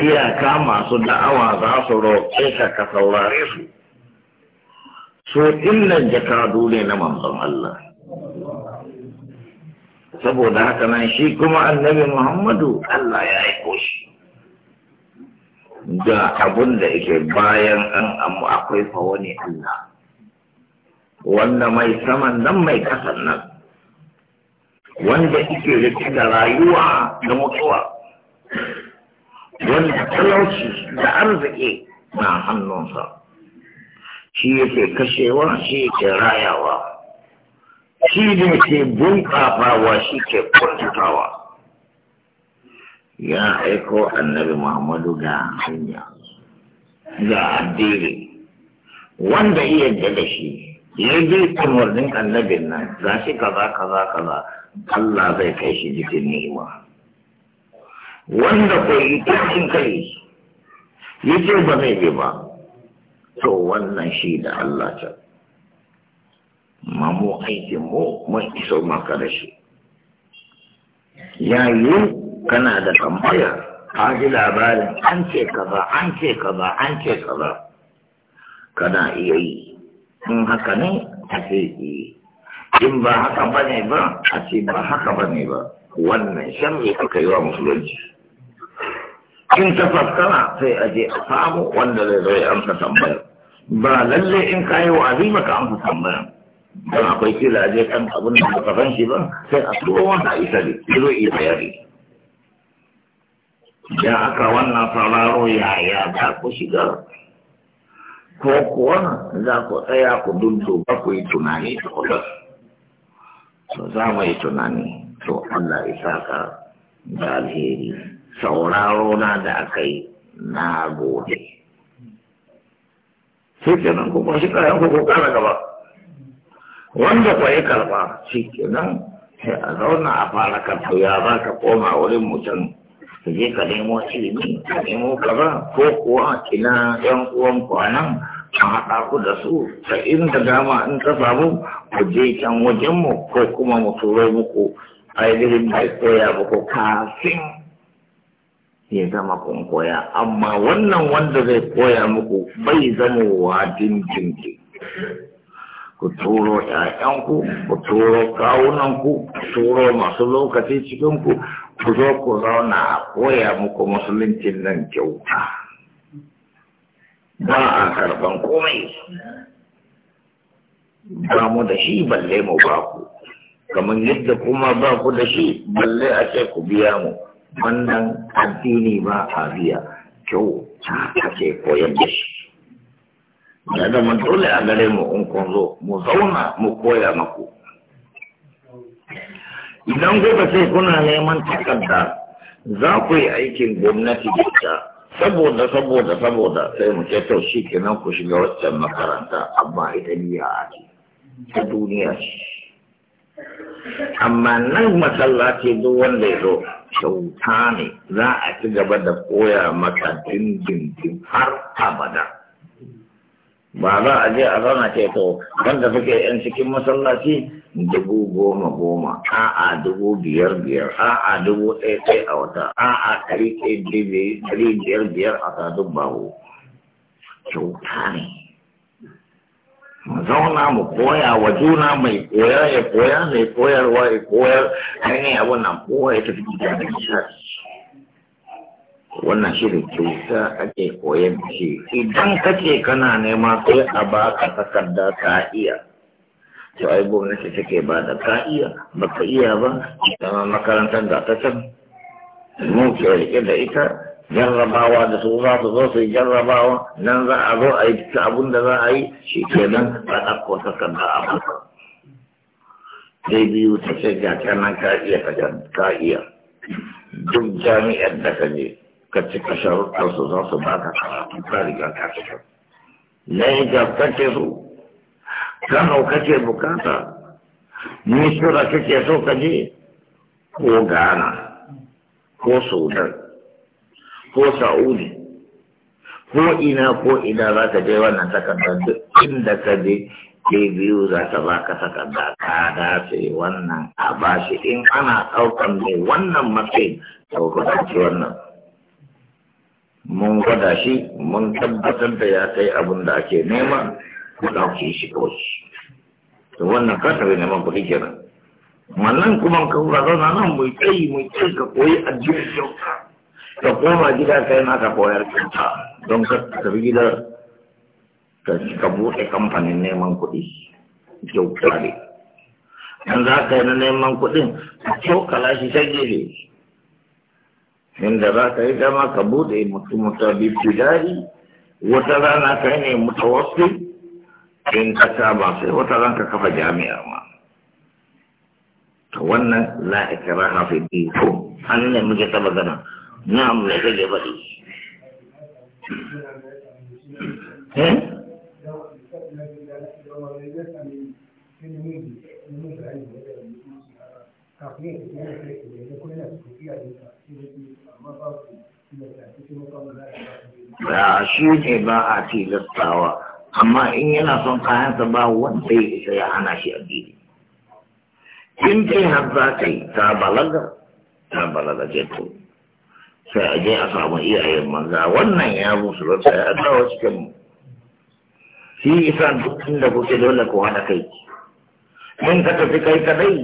iyaka masu da'awa za su roƙe ka ka saurare su so illan jakadu ne na manzon Allah saboda haka nan shi kuma annabi Muhammadu Allah ya aiko shi da abun da yake bayan an amma akwai fa wani Allah wanda mai saman nan mai kasan nan wanda yake rike da rayuwa da mutuwa wanda talauci da arziki na hannunsa shi yake kashewa shi yake rayawa shi ne ke bunƙafawa shi ke kwantatawa ya aiko annabi Muhammadu ga hanya ga addini wanda iya da shi ya bi umarnin annabin nan ga shi kaza kaza kaza Allah zai kai shi jikin ni'ima wanda ko yi kai ya ce ba zai bi ba to wannan shi da Allah ta mamu aikin mu mun iso maka da shi Ya yi kana da tambaya ka ji labarin an ce kaza an ce kaza an ce kaza kana iya yi in haka ne a ce yi in ba haka ba ne ba a ce ba haka ba ne ba wannan sharri aka yi wa musulunci in ta faskara sai a je a samu wanda zai zo ya amsa tambayar ba lalle in ka yi wa'azi ba ka amsa tambayar don akwai kila je kan abin da ka san shi ba sai a turo wanda a isa ne zo iya bayani da aka wannan sauraro yaya za ku shiga eh, ko kuwa za ku tsaya ku dudduba ku yi tunani da kudur to za mu yi tunani to Allah ya saka da alheri sauraro na da aka yi na gode sai kenan ku kwashi kayan ku ko kara gaba wanda kwa yi karba shi kenan sai a zauna a fara karfa ya za ka koma wurin mutum ka je ka nemo ilimi ka nemo kaza ko kuwa ina yan uwan kwanan a haɗa ku da su ta inda dama in ka samu ku je can wajenmu ko kuma mu turo muku ainihin mai koya muku kafin ya zama kun koya amma wannan wanda zai koya muku bai zama wa dindindin ku turo ‘ya'yanku, ku turo kawunanku, ku turo masu lokaci cikinku, ku zo ku zauna a koya muku musuluncin nan kyauta ba a karban komai ba mu da shi balle mu ba ku kamar yadda kuma ba ku da shi balle a ce ku biya mu wannan addini ba a biya kyauta ake koyar da shi da dole a gare mu in kun zo mu zauna mu koya maku idan gobe ce kuna neman takarda za ku yi aikin gwamnati da ita saboda saboda saboda sai mu ce tau shi kenan ku shiga waccan makaranta amma ita a ce ta duniya ce amma nan masallaci duk wanda ya zo kyauta ne za a ci gaba da koya maka dindindin har abada ba za a je a zauna ce to wanda suke yan cikin masallaci dubu goma goma a'a dubu biyar biyar a'a dubu ɗaya ɗaya a wata a'a ɗari ɗari biyar biyar a sadun bawo kyauta ne mu zauna mu koya wa juna mai koya ya koya mai koyarwa ya koyar ainihin abin nan kowa ya tafi gida da nishadi wannan shirin kyauta ake da shi idan kace kana nema sai a baka takarda ka iya to ai gwamnati take ba da ka iya ba ka iya ba kama makarantar da ta can mu ke rike da ita jarrabawa da su za su zo su yi jarrabawa nan za a zo a yi abun da za a yi shi ke nan a ɗauko takarda a maka biyu ta ce ga nan ka iya ka iya duk jami'ar da ka je ka ka su za su baka karatu ka riga ka ka. na yi gaskace su kano kake bukata da kake so ka je ko ghana ko sudan ko sa'udi ko ina ko ina za ka je wannan takardar duk inda ka je ke biyu za ta ba ka takarda ka dace wannan a bashi in ana ɗaukan mai wannan matsayin ta ci wannan mun gwada shi mun tabbatar da ya kai abin da ake nema ku ɗauke shi kawai to wannan kasar neman kuɗi kenan wannan kuma ka kura zauna nan mai tsayi mai tsayi ka koyi addinin kyauta ka koma gida ka yi naka koyar kyauta don ka tafi gida ka buɗe kamfanin neman kuɗi kyauta ne dan za ka yi na neman kuɗin a kyaukala shi ta gefe inda za ka yi dama ka buɗe mutum mutum bibidari wata rana ka yi ne mutawassi in ka saba sai wata ran ka kafa jami'a ma to wannan la ikraha fi din ko an ne muke ta magana na'am ne kake faɗi eh shi ne ba a tilastawa amma in yana son kayansa ba wanda ya isa ya hana shi addini in dai har za ka ta balaga ta balaga jeto sai a je a samu iyayen maza wannan ya musu rasa ya dawo cikin mu shi isa duk inda kuke dole ku hada kai in ka tafi kai kadai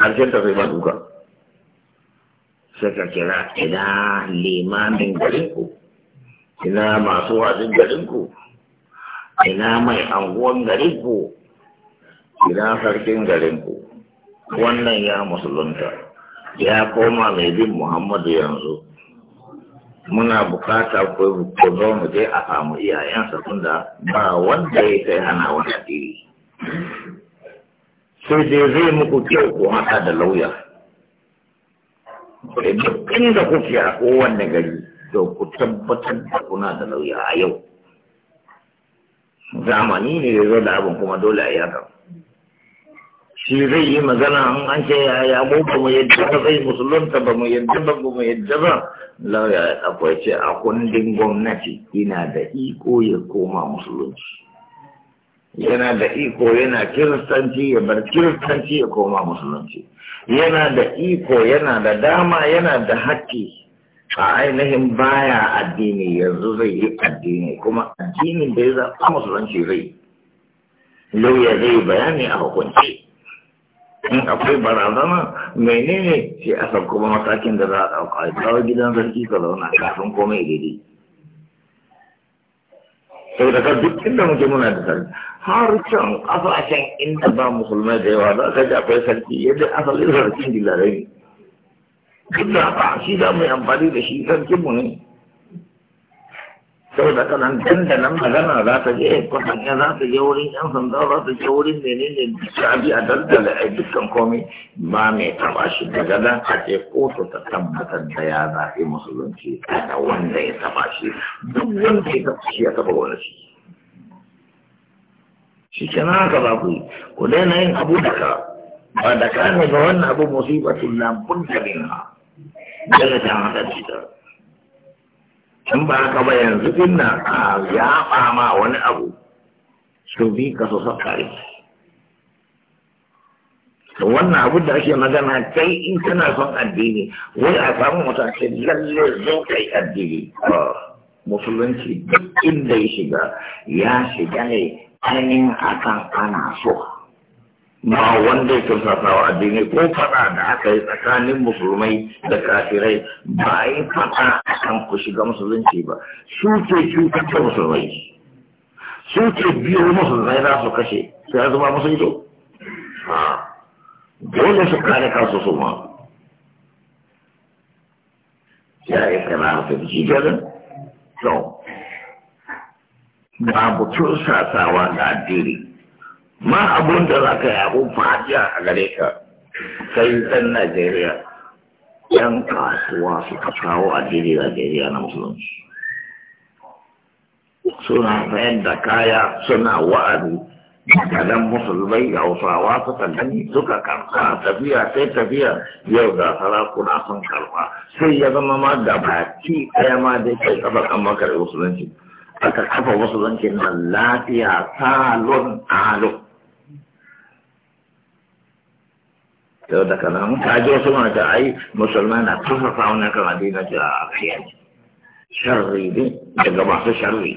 harshen ta sai ba duka sai ka kira ina limamin garinku ina masu wazin garinku ina mai anguwan garin ku ina sarkin garin ku wannan ya musulunta ya koma mai bin muhammadu yanzu muna bukata ku zo mu je a samu iyayensa tunda ba wanda ya kai hana wani iri sai dai zai muku kyau ko haka da lauya duk inda kuke a kowanne gari to ku tabbatar da kuna da lauya a yau zamani ne ya zo da abin kuma dole a yi haka shi zai yi magana an an ce ya ya mu ba mu yadda ba zai musulunta ba mu yadda ba mu yadda ba lauya akwai ce a kundin gwamnati yana da iko ya koma musulunci yana da iko yana kiristanci ya bar kiristanci ya koma musulunci yana da iko yana da dama yana da haƙƙi a ainihin baya addini yanzu zai yi addini kuma addinin da ya zaɓa musulunci zai lauya zai bayani a hukunci in akwai barazana menene sai a san kuma matakin da za a ɗauka a kawo gidan sarki ka zauna kafin komai daidai sau da duk inda muke muna da sarki har can asashen inda ba musulmai da yawa za ka ji akwai sarki yadda asalin sarkin gilarai duk da haka shi za mu yi amfani da shi sarkinmu ne sau da kanan nan magana za ta je kwatanya za ta je wurin yan sanda za ta je wurin mene ne duka abi a dandala a dukkan komai ba mai taba shi daga nan a ce kotu ta tabbatar da ya zaɓi musulunci kada wanda ya taba shi duk wanda ya taba shi ya taba wani shi shi na haka ba ku yi ku daina yin abu da ka ba da ka ne ga wannan abu musibatun lambun da minha daga ta hada da in ba ka ba yanzu din a yaɓa ma wani abu su bi ka so to wannan abu da ake magana kai in kana son addini wai a samu mutane lalle zo kai addini ah, musulunci duk inda ya shiga ya shiga ne ainihin akan ana so ma wanda ya tursasa wa addini ko fada da aka yi tsakanin musulmai da kafirai ba a yi fada a kan ku shiga musulunci ba su ke cutar da musulmai su ke biyo musulmai za su kashe sai ya zama musu ido dole su kare kansu su ma ya yi kana hafi da shi garin to babu tursasawa da addini ma abun da za ka yabo fadiya a gare ka Sai ɗan Najeriya yan kasuwa suka kawo addini Najeriya na musulunci suna sayar da kaya suna wa'azi kadan musulmai hausawa suka gani suka karɓa tafiya sai tafiya yau da sarakuna sun karɓa sai ya zama ma da baki ɗaya ma dai kai kafa kan makar musulunci aka kafa musulunci na lafiya salon alu. yau da kana mun ta ji wasu mata ai musulmai na kafafa wannan kan addini ta a kiyar sharri ne daga masu sharri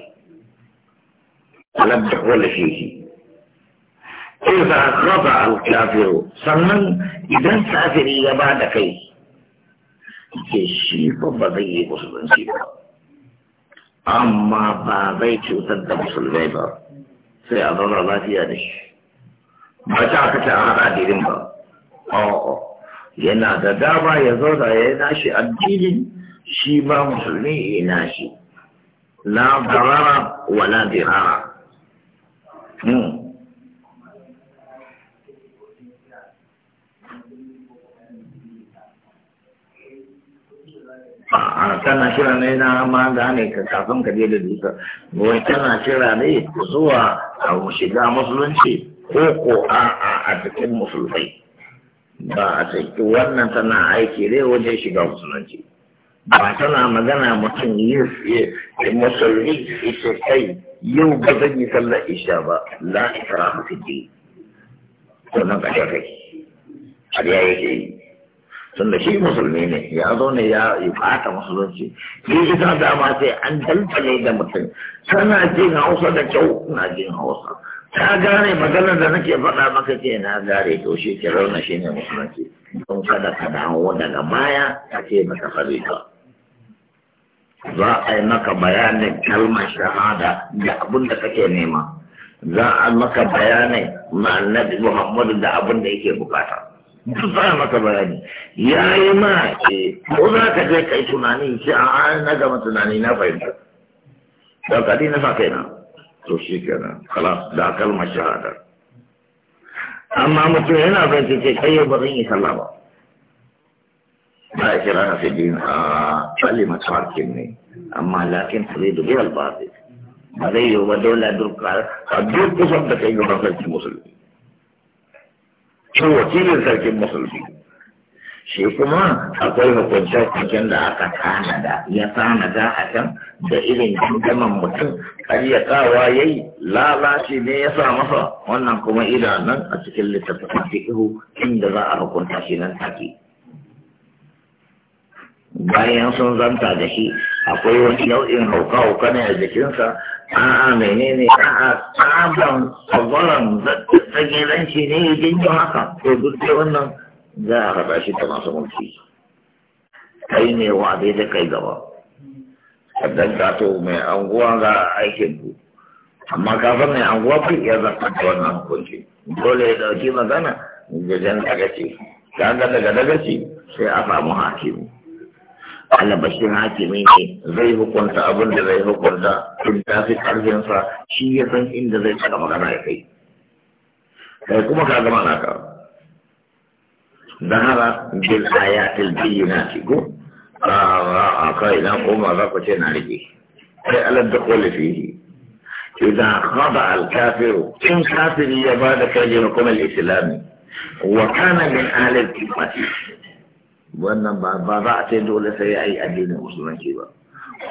alam da wala shi إذا خضع الكافر سنن إذا سافر يبعد كي يشيف بضي مسلم سيبا أما بضي تتد مسلمين سيأضر الله في هذا ما شاء كتاعات عديد بضي a'a oh, yana da dama ya zauna ya yi nashi addinin shi ba musulmi ya yi nashi la barara wa la dirara hmm. a ah, tana kira ne na ma ne ka kafin ka je da duka wai tana kira ne zuwa a shiga musulunci ko ko a a cikin musulmai ba a saki wannan tana aiki dai wajen shiga musulunci ba tana magana mutum yi musulmi ita kai yau ba zan yi sallar isha ba la ikra mafi ji sannan ka kai a da yake yi tunda shi musulmi ne ya zo ne ya yi fata musulunci shi ta dama sai an dalbale da mutum tana jin hausa da kyau na jin hausa ta gane maganar da nake faɗa maka ke na gare to shi ke rauna shi ne musulunci don kada ka dawo daga baya a ce maka farita za a yi maka bayanin kalmar shahada da abin da kake nema za a maka bayanin ma'annabi muhammadu da abin da yake bukata duk za a maka bayani ya yi ma eh, ko za ka je kai tunani ce a na gama tunani na fahimta da kadi na sa kaina توشي كذا خلاص دا كلمة شهادة أما متوهنا فانت تكي بغيني خلابا ما إكرانا في الدين آه فلي ما تفاركني أما لكن حديد بها الباطل بدي هو دولة دول قال قدير تصدق أيها الرسول المسلمين شو وكيل الرسول المسلمين shi kuma akwai hukuncin cikin da aka tanada ya tanada a can da irin dandaman mutum karyatawa ya yi lalace ne ya sa masa wannan kuma idanun a cikin littattafan ihu, inda za a hukunta shi nan take bayan sun zanta da shi akwai wani nau'in hauka-hauka ne a jikinsa a'a menene a tsaban tsagoran tsagiranci ne ya janyo haka to duk da wannan za a raba shi ta masu mulki kai ne wa dai da kai gaba sannan ka to mai anguwa za a aikin ku amma ka mai anguwa ku ya zaka da wannan hukunci dole ya dauki magana gajen dagaci ka ga daga dagaci sai a samu hakimi albashin hakimi ne zai hukunta abin da zai hukunta tun ta fi ƙarfinsa shi ya san inda zai tsaka magana ya kai kai kuma ka gama kawo ذهبت بالآيات البينات فإذا قوم ذاك عليه ألا الدخول فيه إذا خضع الكافر إن كافر يبادى كجنكم الإسلامي وكان من أهل a wannan ba ba za a ce dole sai ya yi addinin musulunci ba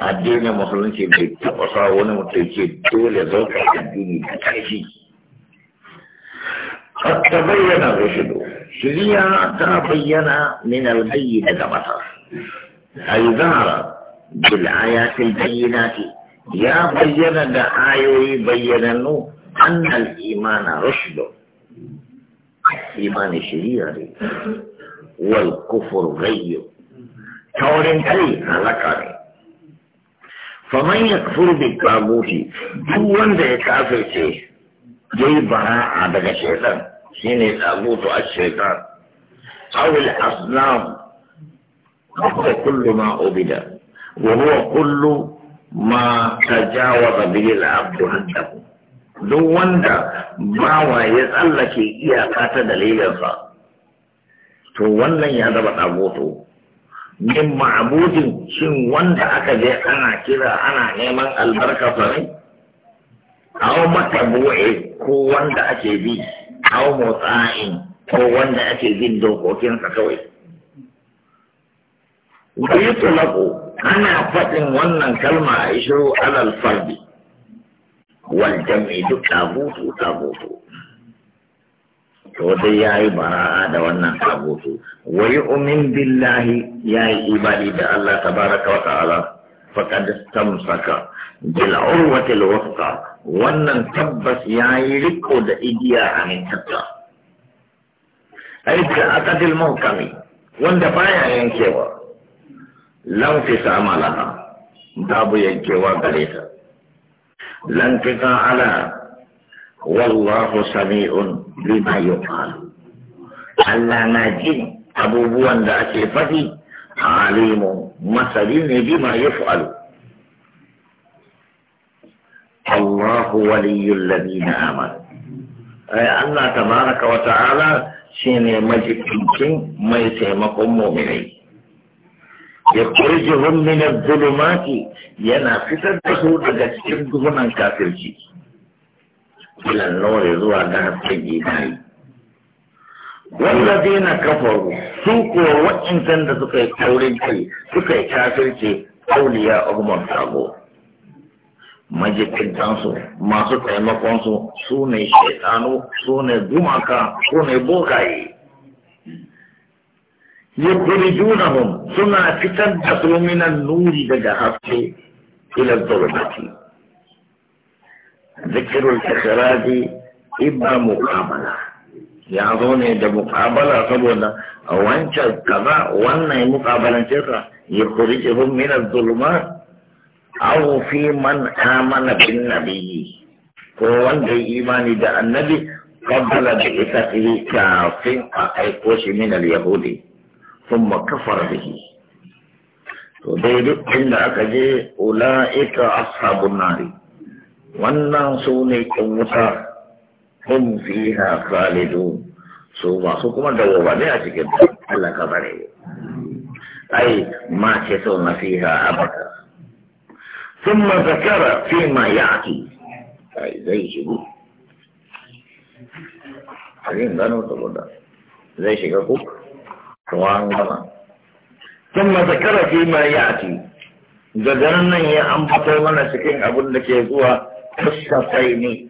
addinin musulunci bai a sa wani mutum ce dole zo ka addini da ƙarfi hatta bayyana rushidu shari'a ta bayyana min albayi daga mata aizara bil ayatil bayyinati ya bayyana da ayoyi bayyanannu annal imana rushdu imani shari'a ne wal kufur gayyu ta wurin kai halaka ne faman ya kufur bi duk wanda ya kafirce yayi bara'a daga shaitan shine tagutu ash-shaytan aw al Aslam. wa kullu ma ubida wa huwa kullu ma tajawaza bihi al-abdu haddahu duk wanda bawa ya tsallake iyaka ta dalilinsa to wannan ya zaba tagutu min ma'budin shin wanda aka je ana kira ana neman albarka fa a aw matabu'i ko wanda ake bi au motsa'in ko wanda ake bin dokokinsa kawai wa yutlaqu ana faɗin wannan kalma a ishiru alal fardi wal jam'i duk tabutu tabutu to dai yayi bara'a da wannan tabutu wa yu'min billahi yayi ibadi da Allah tabaraka wa ta'ala فقد استمسك بالعروة الوثقى wannan tabbas ya yi riko da igiya a mintatta aka a kadil mahukami wanda baya yankewa lamfisa amalaha babu yankewa gare ta lamfisa ala wallahu sami'un lima yuqalu Allah na jin abubuwan da ake faɗi alimu masali ne bi ma yi fu alu allahu waliyul ladi na amal ɛ allah ta baara ka wata ala shi ne ma ji kinkin ma yi ta ma ya kori ji hun mi na bulu da su daga cikin duhunan kafirci ilan nore zuwa dana fagi na wanda zai na kafaru su kuwa wa'incan da suka yi taurin kai suka yi kafirce auliya ugman sago majikintansu masu taimakonsu su ne shaitanu su ne gumaka su ne bokaye ya kuri junahun suna fitar da su nuri daga haske ila zaurati zikirul tafiradi ibra kamala. ya zo ne da muƙabala saboda a wancan kaza wannan muƙabalance sa ya kurje hun mina zulma aw fi man amana bin ko wanda ya imani da annabi kabbala da ita kafin a aiko shi min yahudi sun makafar da bihi to dai duk inda aka je ula'ika ashabun nari wannan su ne kan wuta hum fiha khalidun su ba su kuma da wa ne a cikin Allah ka bare ai ma ce so na fiha abaka thumma zakara fi ma yaqi ai zai shigo ai nan to boda zai shiga ku tuwan gama thumma zakara fi ma yaqi daga nan ya ambata mana cikin abin da ke zuwa ne.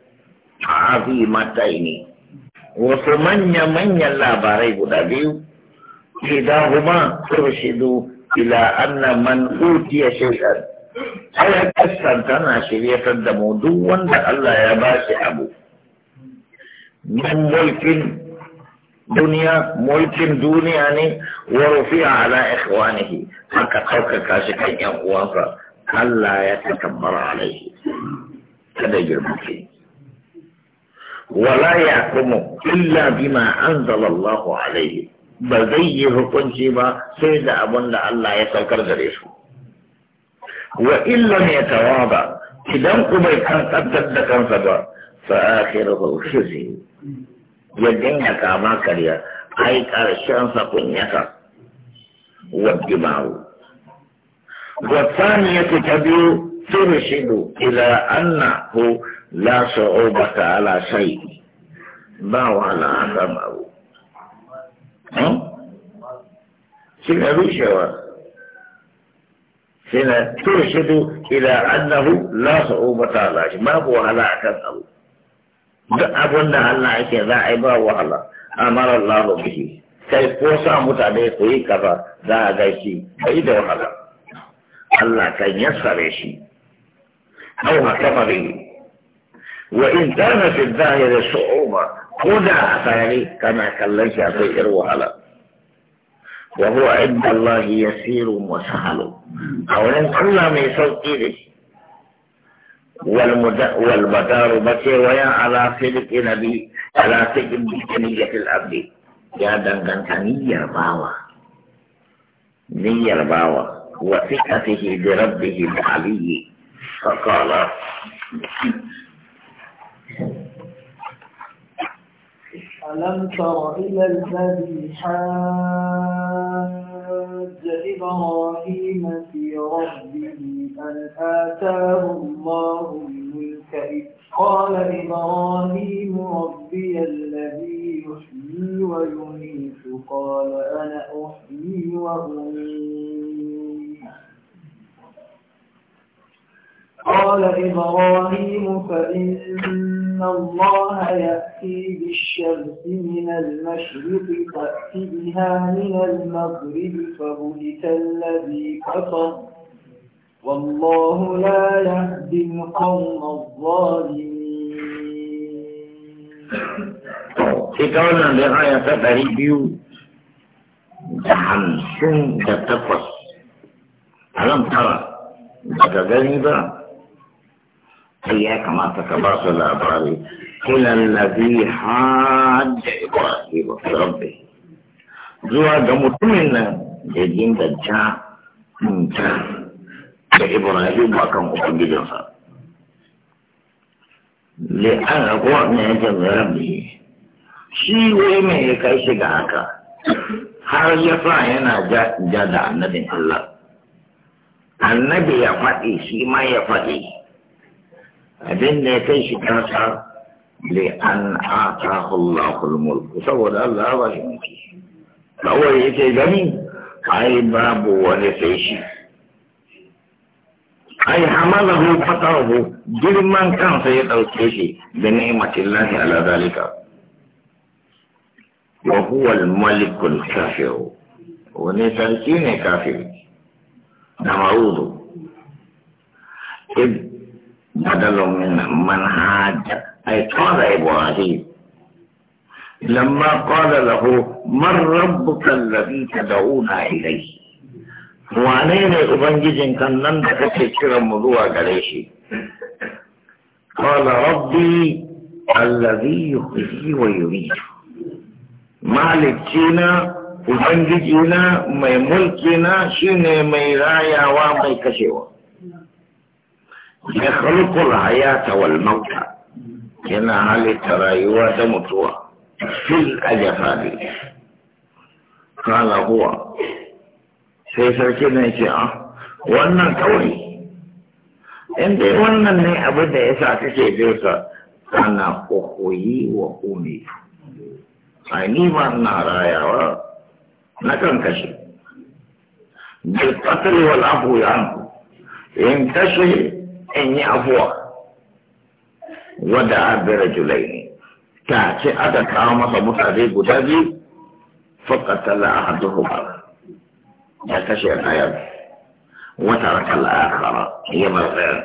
a abi mata ne wasu manya-manyan labarai guda biyu idan kuma turshidu ila annan man utiya shaitan ayyukan santana shiryatar da mu duk wanda Allah ya ba shi abu min mulkin duniya mulkin duniya ne wa rufi'a ala ikhwanihi aka ɗaukaka shi kan yan uwanka. Allah ya takabbara alaihi kada girmanci wala ya kuma illa bima anzalallahu alaihi ba zai yi hukunci ba sai da abin da Allah ya saukar gare su wa illa ne tawaba idan ku bai kan tsaddar da kansa ba fa akhiruhu khizi ya dinga kama karya ai karshen sa kunyata wa dimaru wa thaniyatu tabiu turshidu ila annahu la bata ala shay'i ba wahala akan abu shi ne rushewa shi ne turshidu ila annahu la bata ala shi babu wahala akan abu duk abin da Allah yake za a yi ba wahala amara Allah bihi kai ko sa mutane su yi kaza za a gaishe bai da wahala Allah kan yassare shi au hakama bihi وإن كان في الظاهر صعوبة هدى ثاني كما كلمت في وهلا وهو عند الله يسير وسهل أولا كل من صوتي والمدار بكي ويا على فلك نبي على فلك نية الأبد يا دنگن كنية باوة نية باوة وثقته بربه العلي فقال ألم تر إلى الذي حاج إبراهيم في ربه أن آتاه الله الملك إذ قال إبراهيم ربي الذي يحيي ويميت قال أنا أحيي وأميت قال إبراهيم فإن الله يأتي الشرق من المشرق فأتي من المغرب فبهت الذي كفر والله لا يهدي القوم الظالمين. ألم ترى هذا غريبا إياك ما تتباصل أبراهيم إلى الذي حاج da Ibrahim ربه zuwa ga mutumin nan da dinganta ta da Ibrahim ba kan Ubangijinsa. Le an rago na yake rabbi shi wai mai ya kai shi ga haka har ya yana ja da annabin Allah. Annabi ya faɗi shi ma ya faɗi abin da ya kai shi kansa li'an atahu Allahul mulku saboda Allah ba shi mulki kawai yake gani ai babu wani sai shi ai hamalahu fatahu girman kansa ya dauke shi da ni'matillahi ala zalika wa huwa al-malikul kafir wani sarki ne kafiri da ma'udu ib badalun man hajjat أي قال إبراهيم لما قال له من ربك الذي تدعون إليه وعنين أبنجز إن كان ننتك تشكر مضوع عليه قال ربي الذي يحيي ويريد مالك سينا أبنجزنا مي ملكنا شين مي رايا ومي كشوا يخلق الحياة والموتى yana halitta rayuwa ta mutuwa fil ajafari kala huwa sai sarki ne ce a ah, wannan kawai in dai wannan ne abin da ya sa kake jinsa ana kokoyi wa kome a ni ba na rayawa na kan kashe bil qatl wal afu ya in kashe in yi afuwa Wadda abira julaini ta ce aka kawo masa mutane guda biyu fakatala a haduhuma ya kashe ɗayan wata rakala a kara ya marɗayan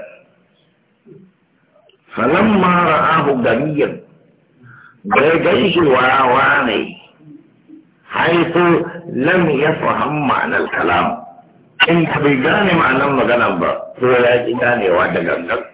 falamma ra'ahu gariyan bai gaishe wawa ne haifu lam ya faham ma'anar kalam in bai gane ma'anar maganan ba ko ya ƙi ganewa da gangan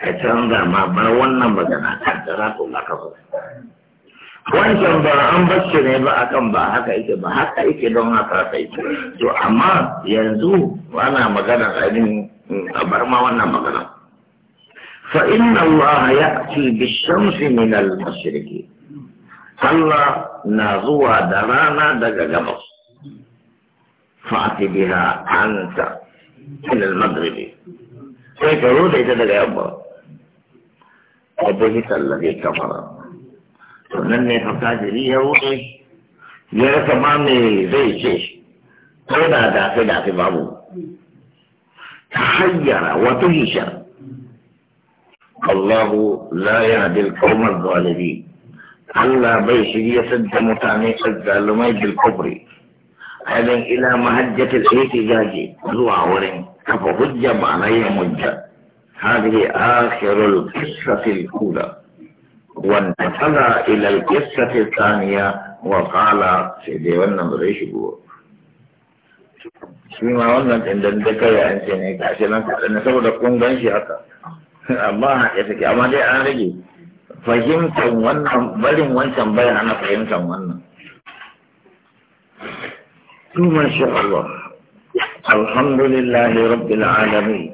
ka canza ma bar wannan magana kaddara to laka ba wancan ba an bacci ne ba akan ba haka yake ba haka yake don haka haka yake to amma yanzu ana magana ainihin mm, a bar ma wannan magana fa inna allaha ya'ti bishamsi min al-mashriqi Allah na zuwa da rana daga gabas fa'ati biha anta min al-maghribi sai ka zo da ita daga yamma وبه تلقي كفر فنن فقاد لي يوقي جرى تمامي زي شيش تودا داخل داخل بابو تحير وتهش الله لا يهدي القوم الظالمين الله بيشي يسد متاني الظالمي بالكبر هذا الى مهجة الاحتجاج زوا ورين كفهج بانا يمجد هذه آخر القصة الأولى وانتقل إلى القصة الثانية وقال سيدي ونا مريش بو شو ما ونا تندن دكا يا إنسان إيه عشان أنا سوى دكتور دان شياطة الله يسكت أما دي أنا رجي فهم كم ونا بلين ونا بلي أنا فهم كم ونا ما شاء الله الحمد لله رب العالمين